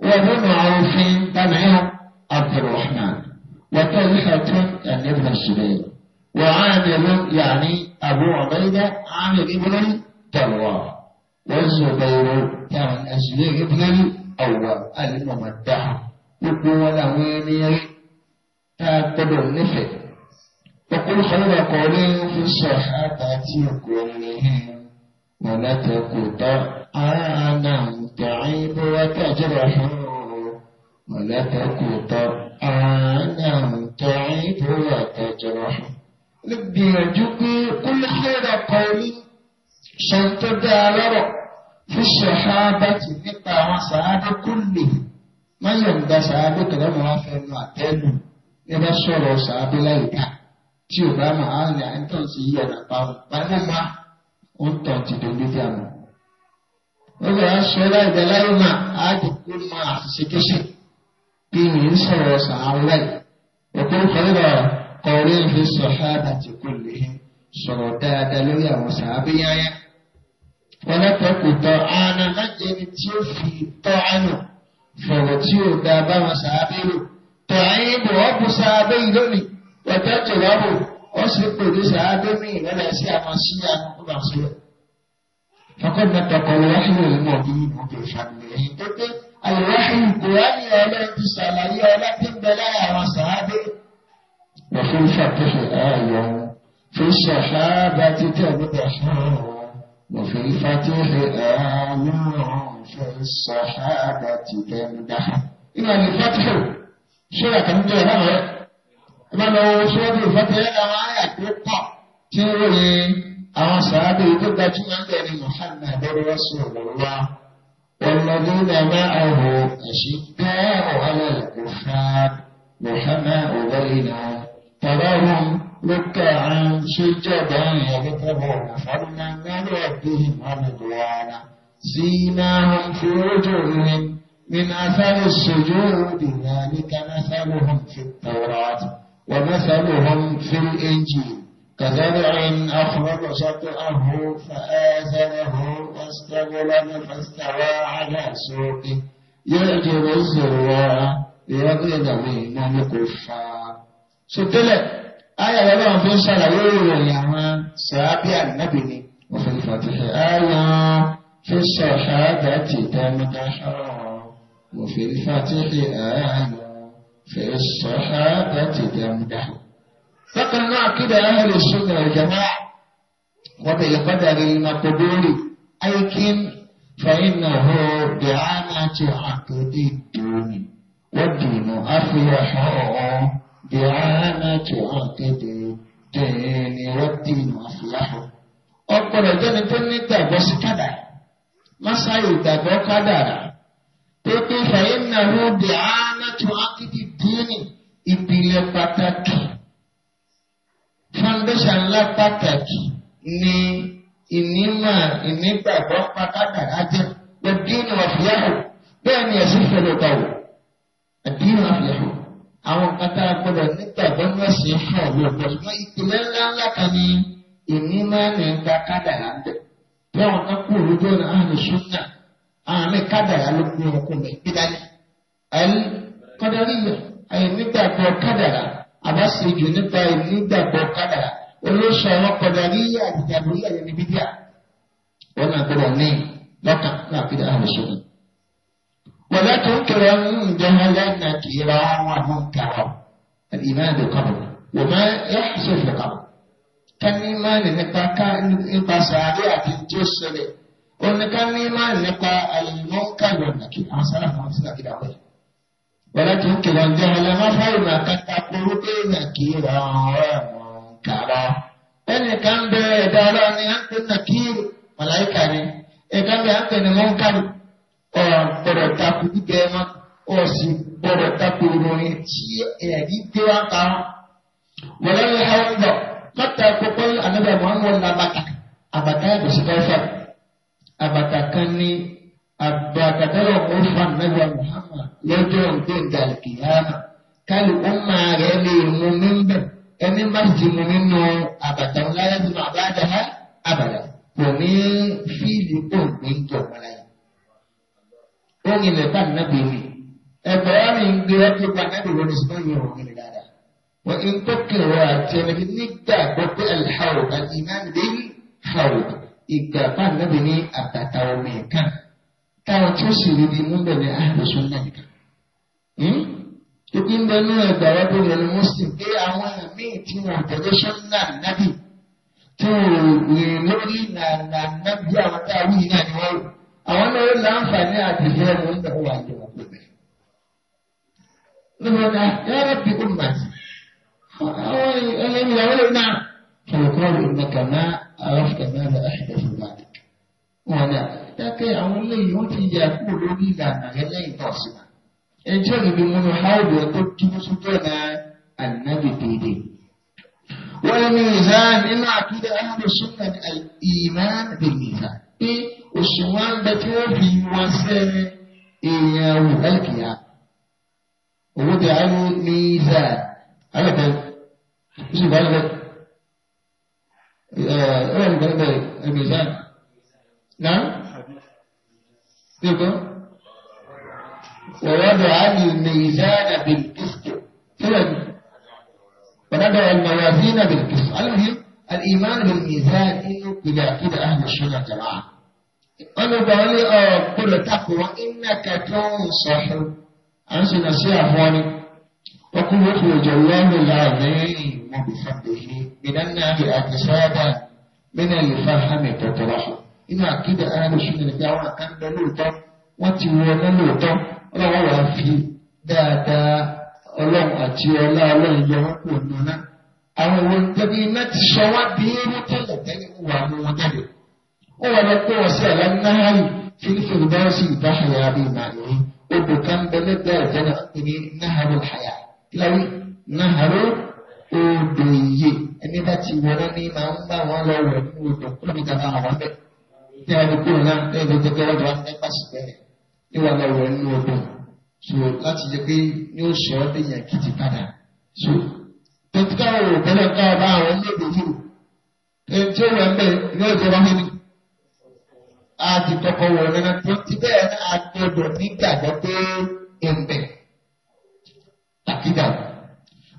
wọ́n mú àwọn òfin tàbí Abdulrahman. وطلحة ابن الزبير وعامر يعني أبو عبيدة عامر ابن طلحة والزبير كان الزبير ابن الأول الممدح يقول له وينير تابد نفت وقل خير قولين في الصحابة كلهم ولا تقطع آنا تعيب وتجرح ولتكن طبعانا تعيد وتجرح gbìyànjú pé kó lè xẹ́ra kọ́rí ṣàǹtọ́dá alọ́rọ̀ fún ṣàhábà tì nípa àwọn sàádé kó lè má yọ̀ǹda sàádé kẹlẹ́ mọ́ wá fẹ́ nu àtẹ́lù ní bá sọ̀rọ̀ sàádé láyé ká tí ò bá mọ̀ á ní àìntàn sí yí ọ̀nà pàrọ̀ pàdé má ó kí ni ń sọ̀rọ̀ sàárà ẹ̀kọ́ kọ́lá kọ́rí fi sọ̀hábà ti kò lè sọ̀rọ̀ dáadáa lórí àwọn sàábé yáyá. Ọlọ́pẹ̀kù tọ́ àná májèlé tí ó fi tọ́ àná fọ̀rọ̀ tí ó da báwọn sàábé rò. Tọ́ ayé bò ọ́ bu sàábé yìí lónìí, ọ̀tá tó wá bò ó Àwòrán Kùránì ọlọ́run ti ṣàlàyé ọlá tí ń bẹ lára àwọn sàádé. Òfin ṣàkóso ààyò وفي الفتح آمنهم في الصحابة تمدح إلى الفتح سورة تمدح هذا ما لو سورة الفتح هذا ما تقولي تيوي أو سعد يقول محمد رسول الله والذين معه أشداء على الكفار رحماء بينهم تراهم ركعا سجدا يبتغون فضلا من ربهم ورضوانا سيماهم في وجوههم من أثر السجود ذلك مثلهم في التوراة ومثلهم في الإنجيل كتبع أخرج شطأه فآذنه واستظلم فاستوى على سوقه يعجب الزراء ليضرب بينهم الكفار ستلت آية لهم في شرع اليمن سابيا النبي وفي الفتح آية في الشهادة تمدحر وفي الفتح آية في الصحابة تمدحر فقر عقيدة أهل السنة والجماعة وبالقدر المقدور أيكن فإنه دعامة عقد الدين والدين أفلح دعامة عقد الدين والدين أفلح ọpọlọ jẹni tó ní ìgbàgbọ́ sí kádàrá másáyì ìgbàgbọ́ kádàrá tó pé fàyínà ló dè á náà tó ákéde díẹ̀ ní ìpìlẹ̀ pàtàkì foundation ńlá pàtàkì ni ìnímọ̀ ìnígbàgbọ́ pàtàkì ajẹ́ ẹ̀dínú àfihàn bẹ́ẹ̀ ni ẹ̀sìn fẹ́lẹ̀ bá wò ẹ̀dínú àfihàn àwọn kata gbọdọ̀ nígbàgbọ́ ní ẹ̀sìn fún ọ̀wọ́ ọ̀gbọ̀n ìpìlẹ̀ ńlá ńlá kan ni ìnímọ̀ nígbà kádàrá ń bẹ̀ bí àwọn kan kú òrùjọ ní àmì súnà àmì kádàrá ló gbé ọkùnrin gbé dání ẹ̀ kọ́dọ̀ nígbà àyè nígbàgbọ́ àbáṣejù nípa ìnígbàgbọ́ kádàrà olóṣù àwọn kọjá ní àdìjàbò yí àyẹ̀ni bídíà wọn náà gbọdọ̀ ní lọ́kàn náà fi dáhùn sókè. wọlé tó ń kẹrọ ń jẹun lẹ́nà kì í ra àwọn àwọn kàrọ ìmọ̀ ẹ̀dọ̀ kàbọ̀ wọ́n máa yẹ àṣẹ ìfẹ́ kàbọ̀. kání máa ní nípa ká nípa sàárẹ̀ àti tí ó ṣẹlẹ̀ òní kání máa nípa àyẹ̀mọ́ ولكن كلام جهل ما فعلنا قد تقول نكيرا ومنكرا ẹnì kan bẹ ẹ̀dá ọlọ́run ni à nàkírù màláìkà ni ẹ̀ka bẹ à ń pè ní mọ́ńkàrù ọ̀rọ̀ gbọ́dọ̀ takò gbígbẹ́ wọn ọ̀ sì gbọ́dọ̀ takò ìròyìn tí ẹ̀rí gbé wá pa wọn. wọ́n lè ha ń bọ̀ mọ́tà kókó ànábẹ̀ wọn ń wọ àgbàkàtàlọ̀ ọ̀fà nàgbà Muhammad lọ́jọ́ gbẹ̀ngà kìláàmà káàlì ọmọ rẹ̀ lè mú mi ń bẹ̀ ẹni má sì mú mi nù àbàtà ńlá láti nù àbájá ha àbàdà kò ní fíìlì òǹgbẹ́ ìjọba ó ní ilẹ̀ bá nàbẹ̀ mi ẹgbẹ́ wa mi ń gbé ọtí pa nàbẹ̀ wọn sì máa ń yọrọ mi dáadáa wọ́n ti ń tó kẹrọ àti ẹni nígbà gbọ́ pé alhàwọ̀ àti iná ń dé hàwọ̀ ìgbà bá nàbẹ̀ ní àbàtà ọmọ ẹ̀ka. táwọn tó sì rí bí múbẹ̀ ní àlùsùn náà nìkan. Ibi ń bẹ ní ẹ̀gbà wa tó yẹnu Muslim pé àwọn míì tí wọn tẹ̀lé sọ́nà nábì tí rìn lórí ìlànà nábì àwọn tá a wí náà ni wọ́n rò. Àwọn náà ó láǹfààní àtìlẹ́ wọn ń bẹ̀rù àjọ wọn pẹ̀lú. Lọ́wọ́dà yára bí ó mà sí. Àwọn ẹlẹ́ni ìyàwó lè náà. Fọ̀rọ̀kọ́ rẹ̀ nàkàmá àwọn fìkàmá rẹ̀ àṣìkò fún bàtà. Wọ́n náà. kẹ́kẹ́ àwọn eléyìí wọ́n ti yà kúrò lórí ìlànà rẹ lẹ́yìn tó ṣùgbọ́n ẹjọ́ ìbí múnú háìdù ẹ̀ tó kí wọ́n sójú ọ̀nà ànábì dédé. wọ́n ní mizan nínú àkídá ahlu sunna al-iman bil mizan pé òṣùwọ̀n ń bẹ tí wọ́n fi wá sẹ́ èèyàn wò lẹ́kìá. owó tẹ ayé mizan alẹ́bẹ̀ oṣù bá lẹ́bẹ̀ ẹ̀ẹ́dẹ̀gbẹ̀rẹ̀ mizan náà. ووضع الميزان بالقسط كذا ونضع الموازين بالقسط المهم الإيمان بالميزان إنه إذا كده أهل الشرع جماعة قالوا بقولي آه، قل تقوى إنك تنصح أنسى نصيحة أخواني وكل يخرج الله العظيم وبفضله من النار أجسادا من الفهم تطرحه nínú àkídà arábìṣú ni pé àwọn kan lọ lóòótọ́ wọ́n ti wọ ọlọ́ lóòótọ́ ọlọ́wọ́ wàá fi dáadáa ọlọ́run àti ọlá ọlọ́run yọ wọ́n kò nù náà àwọn ìwé ìjọba iná ti sọ wá bí irú tẹ́lẹ̀ tẹ́lẹ̀ wà mú wọn jáde ó wà lọ pé wọ́n sí àlá náírà fílífìlì báwọn sì bá àyà bí màlúù odò kan bẹ́lẹ́ bẹ́ àjẹ́nà pé ní náírà àyà kíláwí náírà odò iye ẹni bá ti wọlé ní máa ń bá wọn lọ wẹ̀ ní odò kúlọ̀ tí a lè kúrò náà lẹ́yìn tó tẹ́tẹ́ wájú ẹgbà síbẹ̀ rẹ̀ níwà lọ́wọ́ nínú ọdún so láti jẹ pé ní ó sọ ọ́ déyàn gidi padà so tẹ̀tí káwọn ò tẹ́lẹ̀ ká ọba àwọn ọmọdé yìí ẹni tí ó wà ń bẹ̀ ní ọjọ́ bá mi a ti kọ́kọ́ wọ̀ nínú tó ti bẹ́ẹ̀ ní agbọ́dọ̀ nígbàgbọ́ pé ẹ̀ǹbẹ̀ àkídà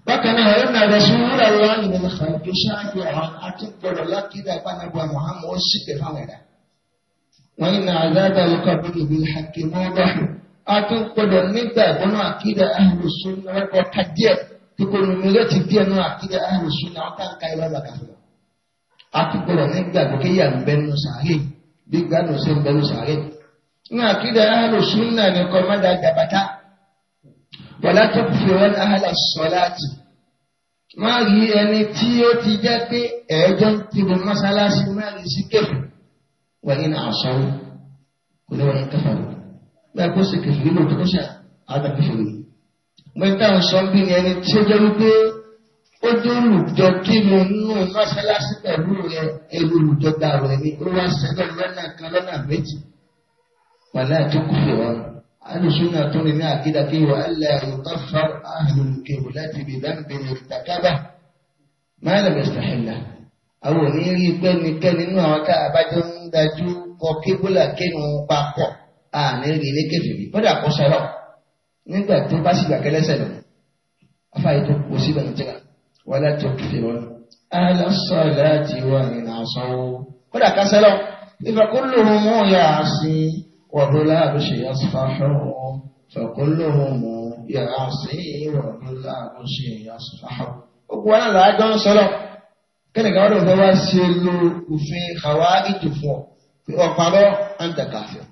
bákan náà ẹ̀rọ náà rẹ̀ sí wúrà lọ́wọ́ wọ́n yìí náà àdáda lọ́kàbí ìbí hàkì mọ́ báyìí. a tún gbọdọ̀ nígbà ìgbọ́nà àkídà àhùrùsùn lọ́kọ̀ ká díẹ̀ kíkọ́nù mi lọ́ti díẹ̀ náà àkídà àhùrùsùn náà ká ń ka ìwà bàkà fún wa. a tún gbọdọ̀ nígbà pé kéyà ń bẹ nù sàárè bí gbàdùn sí ń bẹ nù sàárè. ni kọ́ má da dàbàtà. wàlá tó fi wọn àhàlà sọ̀láàtì. má rí ẹni tí ó ti وإن عصوا كل وإن كفروا bẹ́ẹ̀ kó sì kìfìrí lòdì kó ṣe àgbàkìfìrí. mẹ́ta ìṣọ́bí ni ẹni tí ó jẹ́ wípé ó jẹ́ olùjọ kí mo nú mọ́ṣáláṣí pẹ̀lú rẹ ẹ̀rù olùjọ gba rẹ ó wá sẹ́gbẹ̀ lọ́nà kan lọ́nà méjì. wàlẹ́ àtúkù fi wọn alùsùn náà tó ní ní àkídà kí wọ́n ẹlẹ́ àyùká fa àhùnkèwò láti ibi dáńbẹ̀ ní máa lè bẹ̀ sàhìlà àwọn ò ní rí nínú àwọn tá a ń dájú kọ kébùlà kéwù papọ̀ àní ilé kẹfìrí kódà kó sọ̀rọ̀ nígbà tó bá sì gbàgbé lẹ́sẹ̀ lọ afáyé tó kó síbẹ̀ ní tíra wọlé tó kẹfì wọn. alásọ̀ láti wà nínú àṣọ kódà kásẹ̀lọ̀ ìfàkúlùmù mú yà á sí wàhùlà àbúṣe yà sí fàáfẹ́ràn fàkúlùmù mú yà sí wàhùlà àbúṣe yà kẹ́nìkan ọdún fẹ́ wá ṣe lo òfin àwa ìjòfò ọ̀pàrọ̀ àǹtàkàfẹ́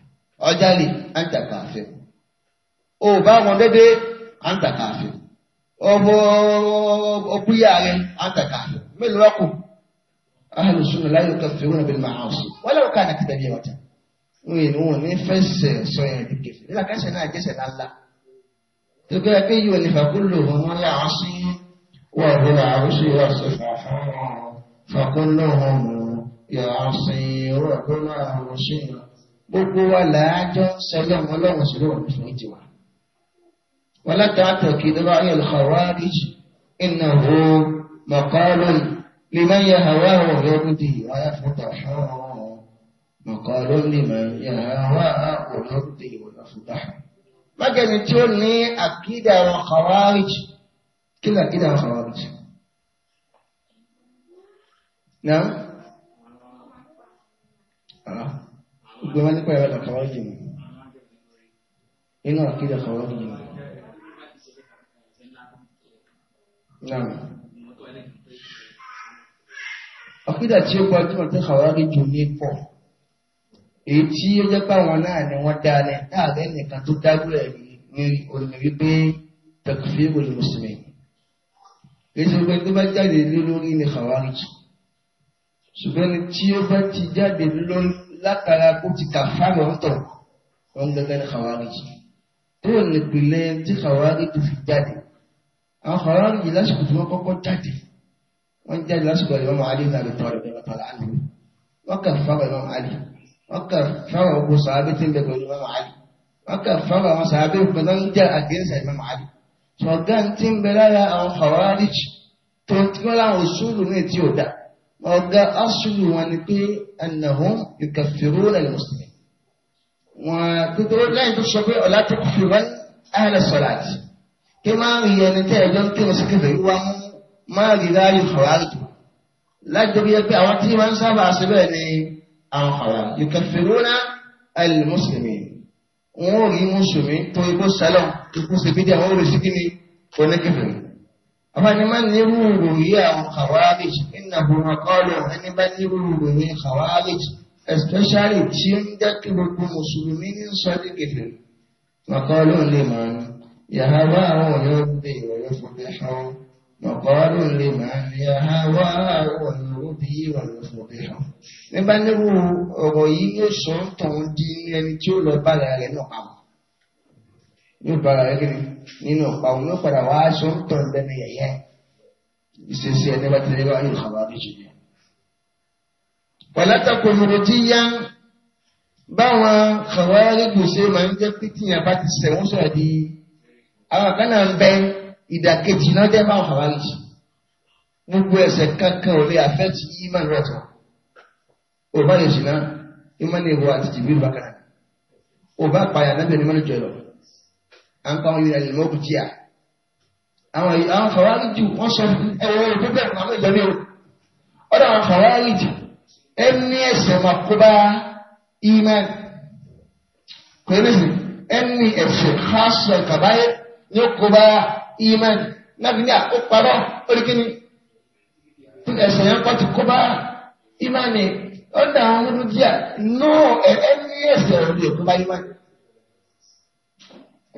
ọjàlè àǹtàkàfẹ́ o bá wọn dédé àǹtàkàfẹ́ ọmọ ọbúyà rẹ àǹtàkàfẹ́ mélòó wá kù ahlu sunna la yukafiruna bil ma'asi wala kana kabiratan wọn ni wọn ní fẹsẹ̀ sọ yẹn ní kẹfẹ́ nígbà kẹsẹ̀ náà jẹsẹ̀ náà la tó kẹ́ra pé yóò ní fàkúlò wọn wọn lé àwọn sí wọn àbúrò àwọn sí wọn sọ fún فكلهم يعصي ربنا مصيرا gbogbo wa là á jọ sẹlẹm Ọlọ́run sì lóun fún ìjì wa wọn látàtọ kí ló bá yẹ lọkọwárí iná wo mọkànlọ lèmọ yẹ hàwá wọn lọdún di ìwáyà fún tàṣà mọkànlọ lèmọ yẹ hàwá wọn di ìwáyà fún tàṣà. mákẹ́ni tí ó ní àkídà àwọn kọ̀wárí kí ni àkídà àwọn kọ̀wárí náà gbogbo wọn nípa ìrọ̀lẹ̀ kọ̀wọ́ jù mí inú àkílẹ̀ kọ̀wọ́ jù mí náà àkídà tí ó gbajúmọ̀ tí kọ̀wọ́ jù mí pọ̀ èyí tí ó jẹ́ páwọn náà ni wọ́n dá ní láàrẹ nìkan tó dájú ẹ̀ ní òní wípé takfirul muslimin èyí tí ó gbẹ́ tó bá jáde lórí ní khawarij jù ṣùgbọ́n ní tí ó bá ti jáde lórí látara kó ti kà fáwọn ọ̀tọ̀ wọn gẹ́gẹ́ ní kàwáríjì tó ò ní pèlè tí kàwáríjì fi jáde àwọn kàwáríjì lásìkò tí wọ́n kọ́kọ́ jáde wọ́n jáde lásìkò ìwọ́n máa lè nàbẹ̀ tọ́ ọ̀rẹ́ bẹ̀rẹ̀ tọ́lá àlè wọ́n kà fáwọn ìwọ́n máa lè wọ́n kà fáwọn ọkọ̀ sàábẹ́ tí ń bẹ̀ pẹ̀lú ìwọ́n máa wọ́n kà fáwọn àwọn sàábẹ́ pẹ̀lú ń jẹ́ àgẹ́sẹ̀ ìwọ́n máa lè ń bẹ lára àwọn kàwáríjì tó tí wọ́n láwọn ọ̀gá asùlù wọn ni pé ẹnàhún ìkàfèrò ẹ̀lẹ́ mùsùlùmí wọn pípẹ́ lẹ́yìn tó sọ pé ọ̀la tó fi wọn ẹ̀lẹ́ sọ̀rọ̀ àti kí máa rí ẹni tẹ́ ẹ̀jọ́ ń kéwọ́n sí kẹfẹ́ wá mú máa rí ráàlì fọ̀ráàlì lájọ bí yẹ pé àwọn tí wọ́n sábà ṣe bẹ́ẹ̀ ni àwọn ọ̀rọ̀ ìkàfèrò ẹ̀lẹ́ mùsùlùmí wọn ò rí mùsùlùmí tó ikú sálọ̀ ikú ṣe bí ọmọdé máa ń nírú ìròyìn àwọn kàwáríjì nínú àwọn ọkọọlù ẹni bá nírú ìròyìn kàwáríjì especially tí ó ń jẹ́ kí gbogbo mùsùlùmí ní sọ́dí gèdè ọkọọlù lè máa ń yàrá àwọn yóò gbé ìrọ̀lẹ́ fòdè hàn ọkọọlù lè máa ń yàrá àwọn yóò bí ìrọ̀lẹ́ fòdè hàn. nígbà nírú ọ̀rọ̀ yìí yóò sọ ń tàn di ẹni tí ó lọ bára rẹ̀ náà pamọ́ yóò bára rẹ kiri nínú ọ̀pá òun yóò padà wá aṣọ ń tọ̀ lẹ́nu yẹ̀yẹ́ ìṣesí ẹni bá tẹ̀lé wá yóò sábà bí jù yẹn. pọ̀látàkùn ìrò tí yá báwọn kàwárí gbèsè máa ń jẹ́ pé tíyàn bá ti sẹ̀wọ́n sọ̀rọ̀ di àwọn kan náà ń bẹ ìdàkejì náà jẹ́ báwọn kàwárí gbogbo ẹsẹ̀ kankan ò lè àfẹ́tì ìmọ̀ rẹ̀ tán ò bá lè ṣìnà ìmọ̀ lè wọ àti jìbìrì bákan náà ò bá pààyàn lábẹ́ ìmọ̀ lè jọ ìlọ́wọ́ à ń pa àwọn ìrìnàjò lọ́wọ́ kù jíà àwọn àwọn fàwárìjù wọ́n sọ ẹ̀wọ̀ ìdúgbẹ̀ àwọn ìjọba o ọ̀dọ̀ àwọn fàwárìjù ẹni ẹ̀sẹ̀ máa kó bá ìmọ̀ pẹ̀lú ẹni ẹ̀sẹ̀ káàsọ̀ ìkàbáyé ní kó bá ìmọ̀ láti ní àkópa náà ó rí kíni ẹ̀sẹ̀ yẹn kọ́ ti kó bá ìmọ̀ ni ọ̀dọ̀ àwọn ọmọdé jíà náà ẹni ẹ̀sẹ̀ ọ̀dọ̀ ìkó bá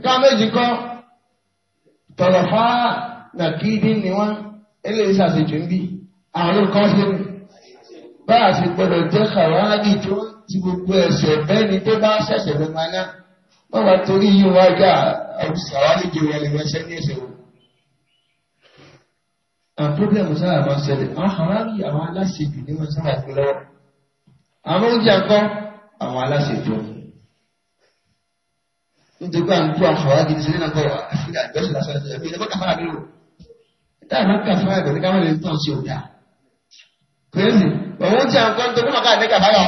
nǹkan méjì kọ́ tọ̀lọ̀fà nàkídí ni wọ́n eléyìí ṣàṣejù ń bí àwọn olùkọ́ sí mi bá a sì gbọdọ̀ jẹ́ kàwáàdì tó ti gbogbo ẹ̀sẹ̀ bẹ́ẹ̀ ni tó bá ṣẹ̀ṣẹ̀ ló máa ná wọ́n bá torí yìí wá gà àwùsàwárí ju wọlé wẹsẹ̀ ní ẹsẹ̀ wò. àwọn pírọ́blẹ̀mù sábà máa ń ṣẹlẹ̀ àwọn àwárí àwọn aláṣejù ni wọ́n sábà gbé lọ́wọ́ àwọn oúnjẹ akọ́ àwọn aláṣejù ni nítorí pé à ń kó aṣọ agidi sílẹ̀ náà kọ́ àfihàn àgbẹ̀sẹ̀ lásán ẹ̀sẹ̀ ẹ̀fẹ̀ ẹ̀fẹ̀ kàfàrà bí lò táà bá kàfàrà ẹ̀bẹ̀ ní káwọn lè tàn sí òdà kìrìsì òun ti àwọn kan tó kó màkà àdékà báyọ̀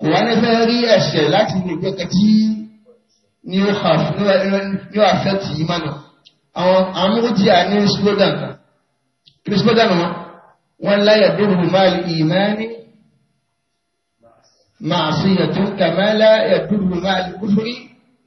kò wá ní fẹ́ rí ẹ̀ṣẹ̀ láti ní ìgbẹ́ kẹtí ní ó àfẹ́ tì í mánà àwọn amúgúdí à ní slogan kan kí ni slogan wọn láyà dókòwò máa màá sí yàtọ̀ kàmẹ́lá yàtọ̀ dókòwò máa lè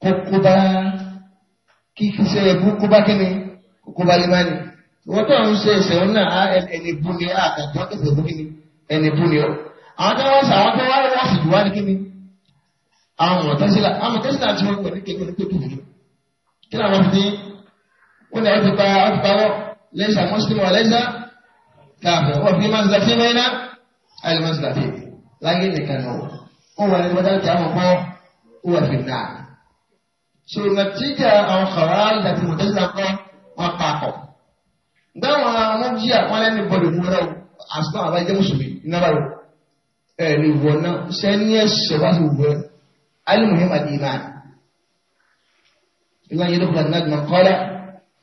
kókó bá kí kíṣe ẹ̀bú kó bá kíni kókó bá lè má ni. Ìwọ́n tó ń ṣe ẹ̀sẹ̀ wọn náà ẹni bú ni àkàtúwọ́ kẹsẹ̀ bú kíni ẹni bú ni ọ. Àwọn tó wọ́n sọ àwọn tó wá wọ́n sì wá ní kíni. Àwọn mọ̀tẹ́sílà àwọn mọ̀tẹ́sílà tí wọ́n pè ní kékeré tó kù jù. Kí làwọn fi dín? Wọ́n ní ọ̀tí pa ọ̀tí pa wọ́ lẹ́sà mọ́sílẹ̀ wà lẹ́sà káàbọ̀ fi máa ń zàfẹ́ mẹ́ná àìlè máa ń láyé nìkan náà. Ó wà ní wọ́n dá so nàtíjà àwọn kàwáàlì àti mọ̀tẹ́sílà kọ́ wọn papọ̀ dáwọn àwọn jí àwọn ẹni bọ̀dọ̀ ní ọ̀rọ̀ àsùnà àbájẹ́ mùsùlùmí náírà rẹ̀ ẹ̀ lè wọ̀ náà ṣẹ́ ní ẹ̀ṣẹ̀ wá sí wọ̀ alimuhim àti iman ìwọ̀n yìí ló kọ́ náà gbọ̀n kọ́lá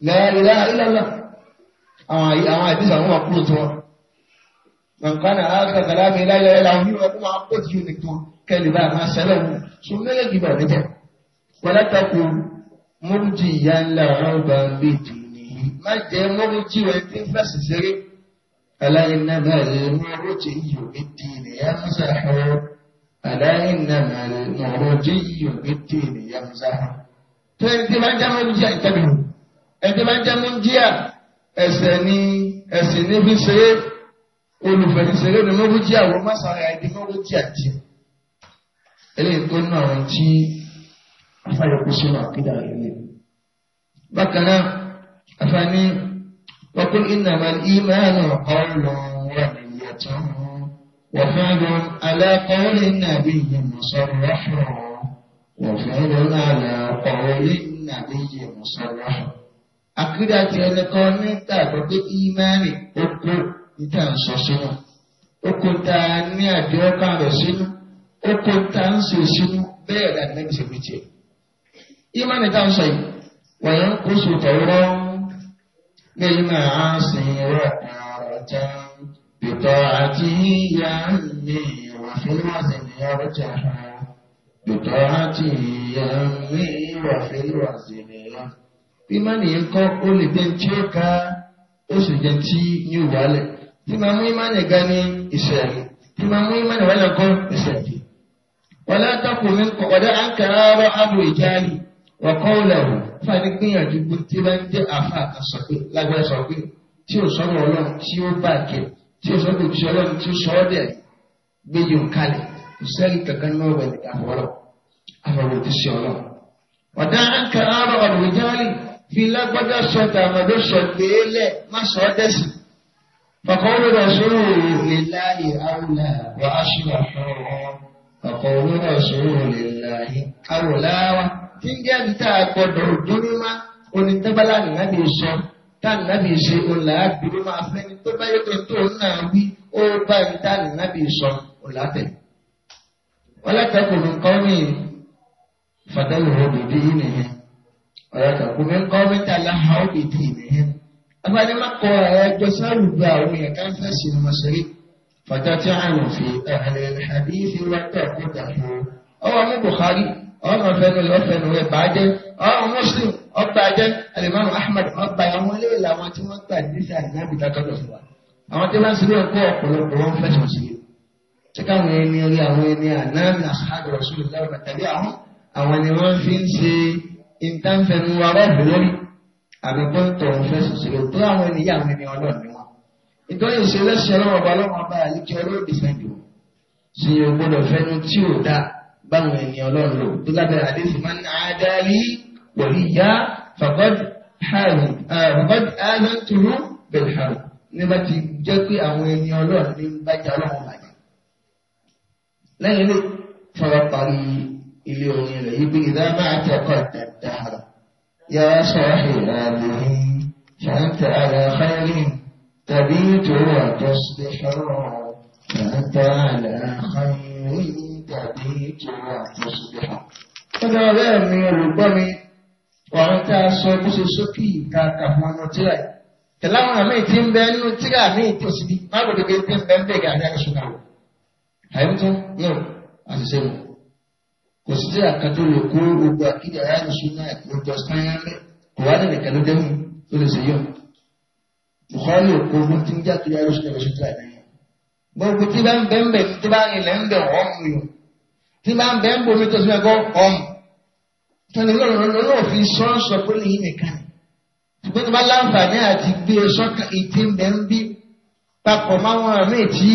lẹ́yìnlá ìlàlá àwọn àdìsí àwọn àkúrò tó wọn nǹkan náà á kàkàlà mi láyọ̀ ẹ̀ làwọn yìí wọn kó máa kó ti yóò nìkan kẹ́lẹ̀ bá máa ṣẹlẹ̀ wọn so mẹ́lẹ̀ gbígbà ọ̀dẹ́jẹ̀ wọlátàkùn múrùjì ìyá ńlá ọ̀rọ̀ bá ń gbé jù nìyí má jẹ́ múrùjì rẹ̀ tí ń fẹ̀sì ṣeré aláìnàmà múrùjì yòókè dì nìyá musa ọ̀rọ̀ aláìnàmà múrùjì yòókè dì nìyá musa ọ̀rọ̀. tó ẹni tí máa ń já múrùjì àìtẹ́bìrì ẹni tí máa ń já múrùjì à ẹsẹ̀ ni ẹ̀sìn níbi ṣeré olùfẹ̀sẹ̀rẹ́ ni múrùjì àwọn mọ́sàn-án àìdí múrùjì àti eléyìí tó náà ti Apa yang àkídà ilé. bákan náà afáàní wọ́pẹ́ ìnàmà ìmáàlù ọ̀rọ̀ wà níyàtọ̀ وفعل على قول النبي ala وفعل على قول النبي مصرح ala tí ẹnìkan ní gbàgbọ́ pé ìmáàlì ó kó níta ń sọ sínú ó kó ta ní àdéhùn kan rẹ̀ sínú ó kó ta ń ìmánì tá a sọ yìí wọ́n yẹn kó so tọ̀wọ́rọ́ ní ìmọ̀ àásìn rẹ̀ àrọ̀jà bìtọ̀ àti ìyá mi wàfíwàsì ní ọjà bìtọ̀ àti ìyá mi wàfíwàsì ní ọjà. ìmánì yẹn kọ́ ó lè jẹ́ tí ó ka ó sì jẹ́ tí yóò wálẹ̀ tí màá mú ìmánì ga ní ìṣẹ̀lẹ̀ tí màá mú ìmánì wálẹ̀ kọ́ ìṣẹ̀lẹ̀. wọ́n lé àtàkùn mi kọ̀ ọ̀dẹ́ àǹkàrà ọ̀rọ̀ àbò ìjáàlì ọ̀kọ́ ọ̀lẹ́wò fún ẹni gbìyànjú gbó tí bá ń jẹ́ àfa àkàsọ pé lágbára sọ pé tí ò sọ́nà ọlọ́run tí ó bá kẹ tí ò sọ́nà òṣìṣẹ́ ọlọ́run tí ó sọ ọ́ dẹ̀ gbé yòó kalẹ̀ kò sẹ́yìn kankan náà wẹ̀ ní àfọwọ́rọ̀ àfọwọ́ ti ṣe ọ̀dà àǹkà àárọ̀ ọ̀dùnjálì fi lágbádá sọ tàmọ̀dó sọ gbélé e má sọ ọ́ dẹ̀sìn. فقول رسول الله أولى وأشرح فقول رسول الله أولى tí ń jẹ́ níta gbọdọ̀ dúnmá onítẹ́bálà nìyàbí sọ tá nìyàbí ṣe ọ̀là àgbèrè máa fẹ́ ni tó bá yẹ kó tó náà wí ó bá níta nìyàbí sọ ọ̀là tẹ̀. ọlọ́tẹ̀kùn mi kọ́ mi fàdáyò òbí bí yìí nìyẹn ọlọ́tẹ̀kùn mi kọ́ mi tà láhà òbí bí yìí nìyẹn. abáni má kọ ẹjọ́ sáré gba àwọn yẹn ká fẹ́ sí mọ́sẹ̀rí fàtàtì àrùn fi ẹ̀hìn ẹ̀hìn àdìsí wọn tẹ̀ kó dà fún ọwọ́ ọ̀nà ọ̀fẹ́nu ọ̀fẹ́nu rẹ̀ bàjẹ́ ọ̀rọ̀ muslim ọ̀bàjẹ́ alimami ahmed ọ̀bà àwọn ilé ìlà àwọn tí wọ́n gbà nísà ìnáàbì dákọ̀dọ̀ fún wa àwọn tí wọ́n sílẹ̀ kó ọ̀pọ̀lọpọ̀ wọn fẹ̀sùn sí i tí káwọn ẹni orí àwọn ẹni ànáàmì àṣàbí rọ̀ṣùlù lọ́rọ̀ tàbí àwọn àwọn ni wọ́n fi ń ṣe ìtànfẹ́nu aráàlú lórí àbíkọ́ńtọ̀ fẹ̀sùn sí i tó àwọn ẹni báwọn ẹni ọlọ́run lò tó lábẹ́ àdéhùn máa ń àádáyé pẹ̀lú ìyá fagod alan turu belharu nígbà tí jẹ́ pé àwọn ẹni ọlọ́run ní bájà ọlọ́run bàjẹ́. lẹ́yìn lè fọwọ́ parí ilé orin rẹ̀ yí pé ìdá máa tẹ̀kọ̀ dáadáa yá sọ̀rọ̀ ìrànlọ́hìn ṣàǹtà àrà khairin tàbí tòun àtọ́sílẹ̀ ṣọ́rọ̀ ṣàǹtà àrà khairin tàbí ìwà àtúnṣe Tọ́lá ọ̀rẹ́ mi olùgbọ́ mi, ọ̀rọ̀ tá a sọ bó ṣe sókè ìta kàmọ́nà tíra yìí. Tẹ̀lá àwọn àmì tí ń bẹ nínú tíra mi tó sì bí má gbọdọ̀ bí tí ń bẹ ń bẹ̀rẹ̀ àdáyé ṣùgbọ́n àwọn. Àyẹ̀wò tó ní àṣìṣe mu. Kò sí tíra kan tó lè kó gbogbo àkíyà àdáyé ṣùgbọ́n ìjọ sáyẹn lẹ̀. Kò wá lẹ́nu ìkàló dẹ́mu tó lè ṣe yọ. Bùkọ́lì òkú ogun ti ń jà kiri àdáyé ṣùgbọ́n ìjọ sáyẹn Gbogbo tí bá ń bẹ́ẹ̀ tí máa ń bẹ́ẹ̀ ń bomi tó sún ẹ̀kọ́ ọ̀m. tọ́ni lọ́wọ́ fi sọ́ọ̀sọ̀ pé lè yí nìkan ṣùgbọ́n tó bá láǹfààní àti gbé e sọ́kà ìdí mbẹ́ ń bí papọ̀ máwọn àmì tí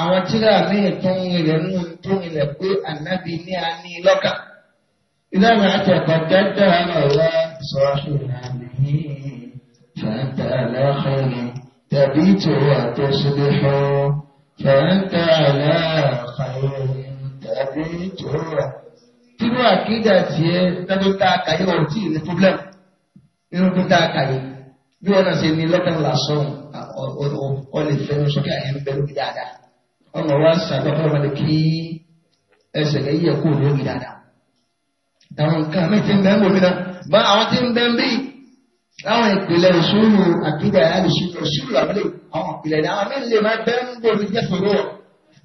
àwọn tíra àmì tó ń rẹ̀ ń tó ń rẹ̀ pé ànábì ní a ní lọ́kà. ìlànà àti àpàdé dára náà wá sọ àṣùnà mi fàǹtà tàbí ìtòwò àtọ́sílẹ̀ fún fàǹtà aláhùn àbí jòhóra nínú àkídà tiẹ̀ tájú tá a kàyé ọ̀rọ̀ tí ìní problem nínú tó tá a kàyé bí wọn náà ṣe ní lọ́kàn lásán ọ̀lẹ̀ fẹ́nu sókè àyẹn bẹ́ẹ̀ lórí dáadáa ọ̀nà wa sàdọ̀ ọ̀rọ̀ kí ẹsẹ̀ kẹ́ yẹ kó lórí dáadáa àwọn nǹkan mi ti ń bẹ́ẹ̀ gómìnà bá àwọn ti ń bẹ́ẹ̀ bí àwọn ìpìlẹ̀ ìṣòro àkídà àlùsùn ìṣòro àbílẹ̀ àwọn ìpìlẹ̀ àwọn mi lè máa bẹ́ẹ̀ ń gbòòrò jẹ́ fòrò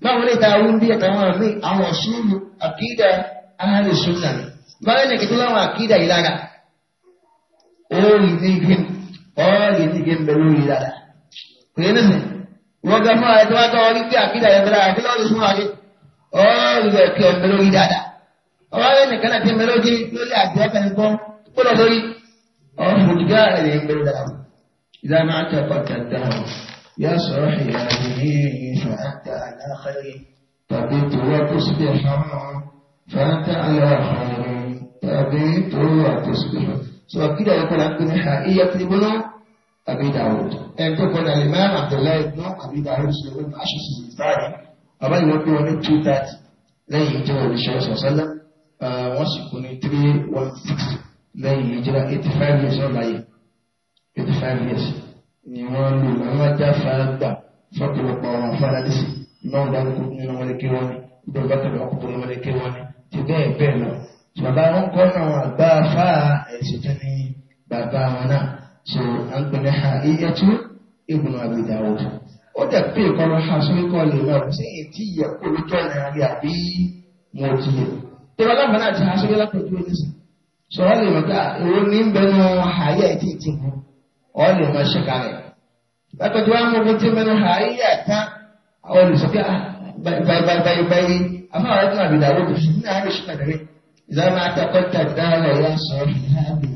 báwo lè ta àwọn bí àtàwọn àmì àwọn ọ̀ṣunlu àkídà ahàlù sunna báwo lè kẹtọ́ láwọn àkídà yìí lára òòlì ní igi òòlì ní igi mbẹ lórí lára kò yẹ nísìnyí wọ́n gbà fún àyẹ̀tọ́ wákà wọ́n rí pé àkídà yẹn bẹ̀rẹ̀ àti lọ́ọ̀lù sún wáyé òòlì rẹ̀ kí ọ̀mbẹ lórí dáadáa ọ̀rẹ́ nìkan àti mbẹ lórí lórí àti ọ̀fẹ́ nìkan kó lọ lórí ọ̀hún ìgbà rẹ̀ ń bẹ̀rẹ̀ dáadáa ìdáná àti ọ̀pọ̀ àti àti dáadáa. يصلح لأبنيه فأنت على خير تبيت وتصبح فأنت على خير تبيت وتصبح سواء كده يقول عبد الحائية لبلا أبي داود أن تكون الإمام عبد الله بن أبي داود سليمان عشر سنين ثاني أما يوم يوم two thirty لين يجوا للشيخ صلى الله عليه وسلم وسكن three one six لين يجرى eighty five years old eighty five years ni wọ́n lò wọ́n wá já fara gbà fọ́pọ̀lọpọ̀ àwọn afárádé sí náà dákú nínú wọn lékè wọn ni ibẹ̀ bá tẹ̀lé ọkọ̀ nínú wọn lékè wọn ni ti bẹ́ẹ̀ bẹ́ẹ̀ lọ. bàbá wọn kọ́ náà àgbà afá ẹ̀sìn tó ní bàbá wọn náà so à ń gbẹ̀lẹ̀ ha iye tó ibùn Abi Dawud. ó dàbí ìkọlù ha sórí kọ́ọ̀lù náà sí èyí tí ìyẹ kó ló jọ ìrìnàlẹ́ àbí mo ti yẹ. tẹ̀wọ́n lábàá náà ti ha sórí lápẹ̀jú ẹ̀ ọ̀lù máa ṣe kalẹ̀. Lápẹ̀tẹ̀ wá mú ogun tí mẹ́nu ha ayé àtá olùsíkà báyìí afáwọn ọdún àbìdá olùdó ṣùgbọ́n náà lè ṣùgbọ́n rẹ̀. Ìzámà àtàkọ́tà dáhùn ẹ̀yà sọ ìhàbì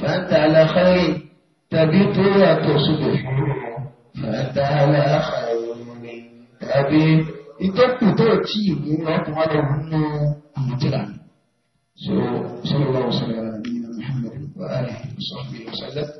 fàǹtà aláfáyé tàbí tó yàtọ̀ sódò fàǹtà aláfáyé tàbí ìtọ́kù tó tí ìwé ọkùnrin wọn lọ So, sallallahu alaihi wa sallam, Muhammad wa alihi wa sahbihi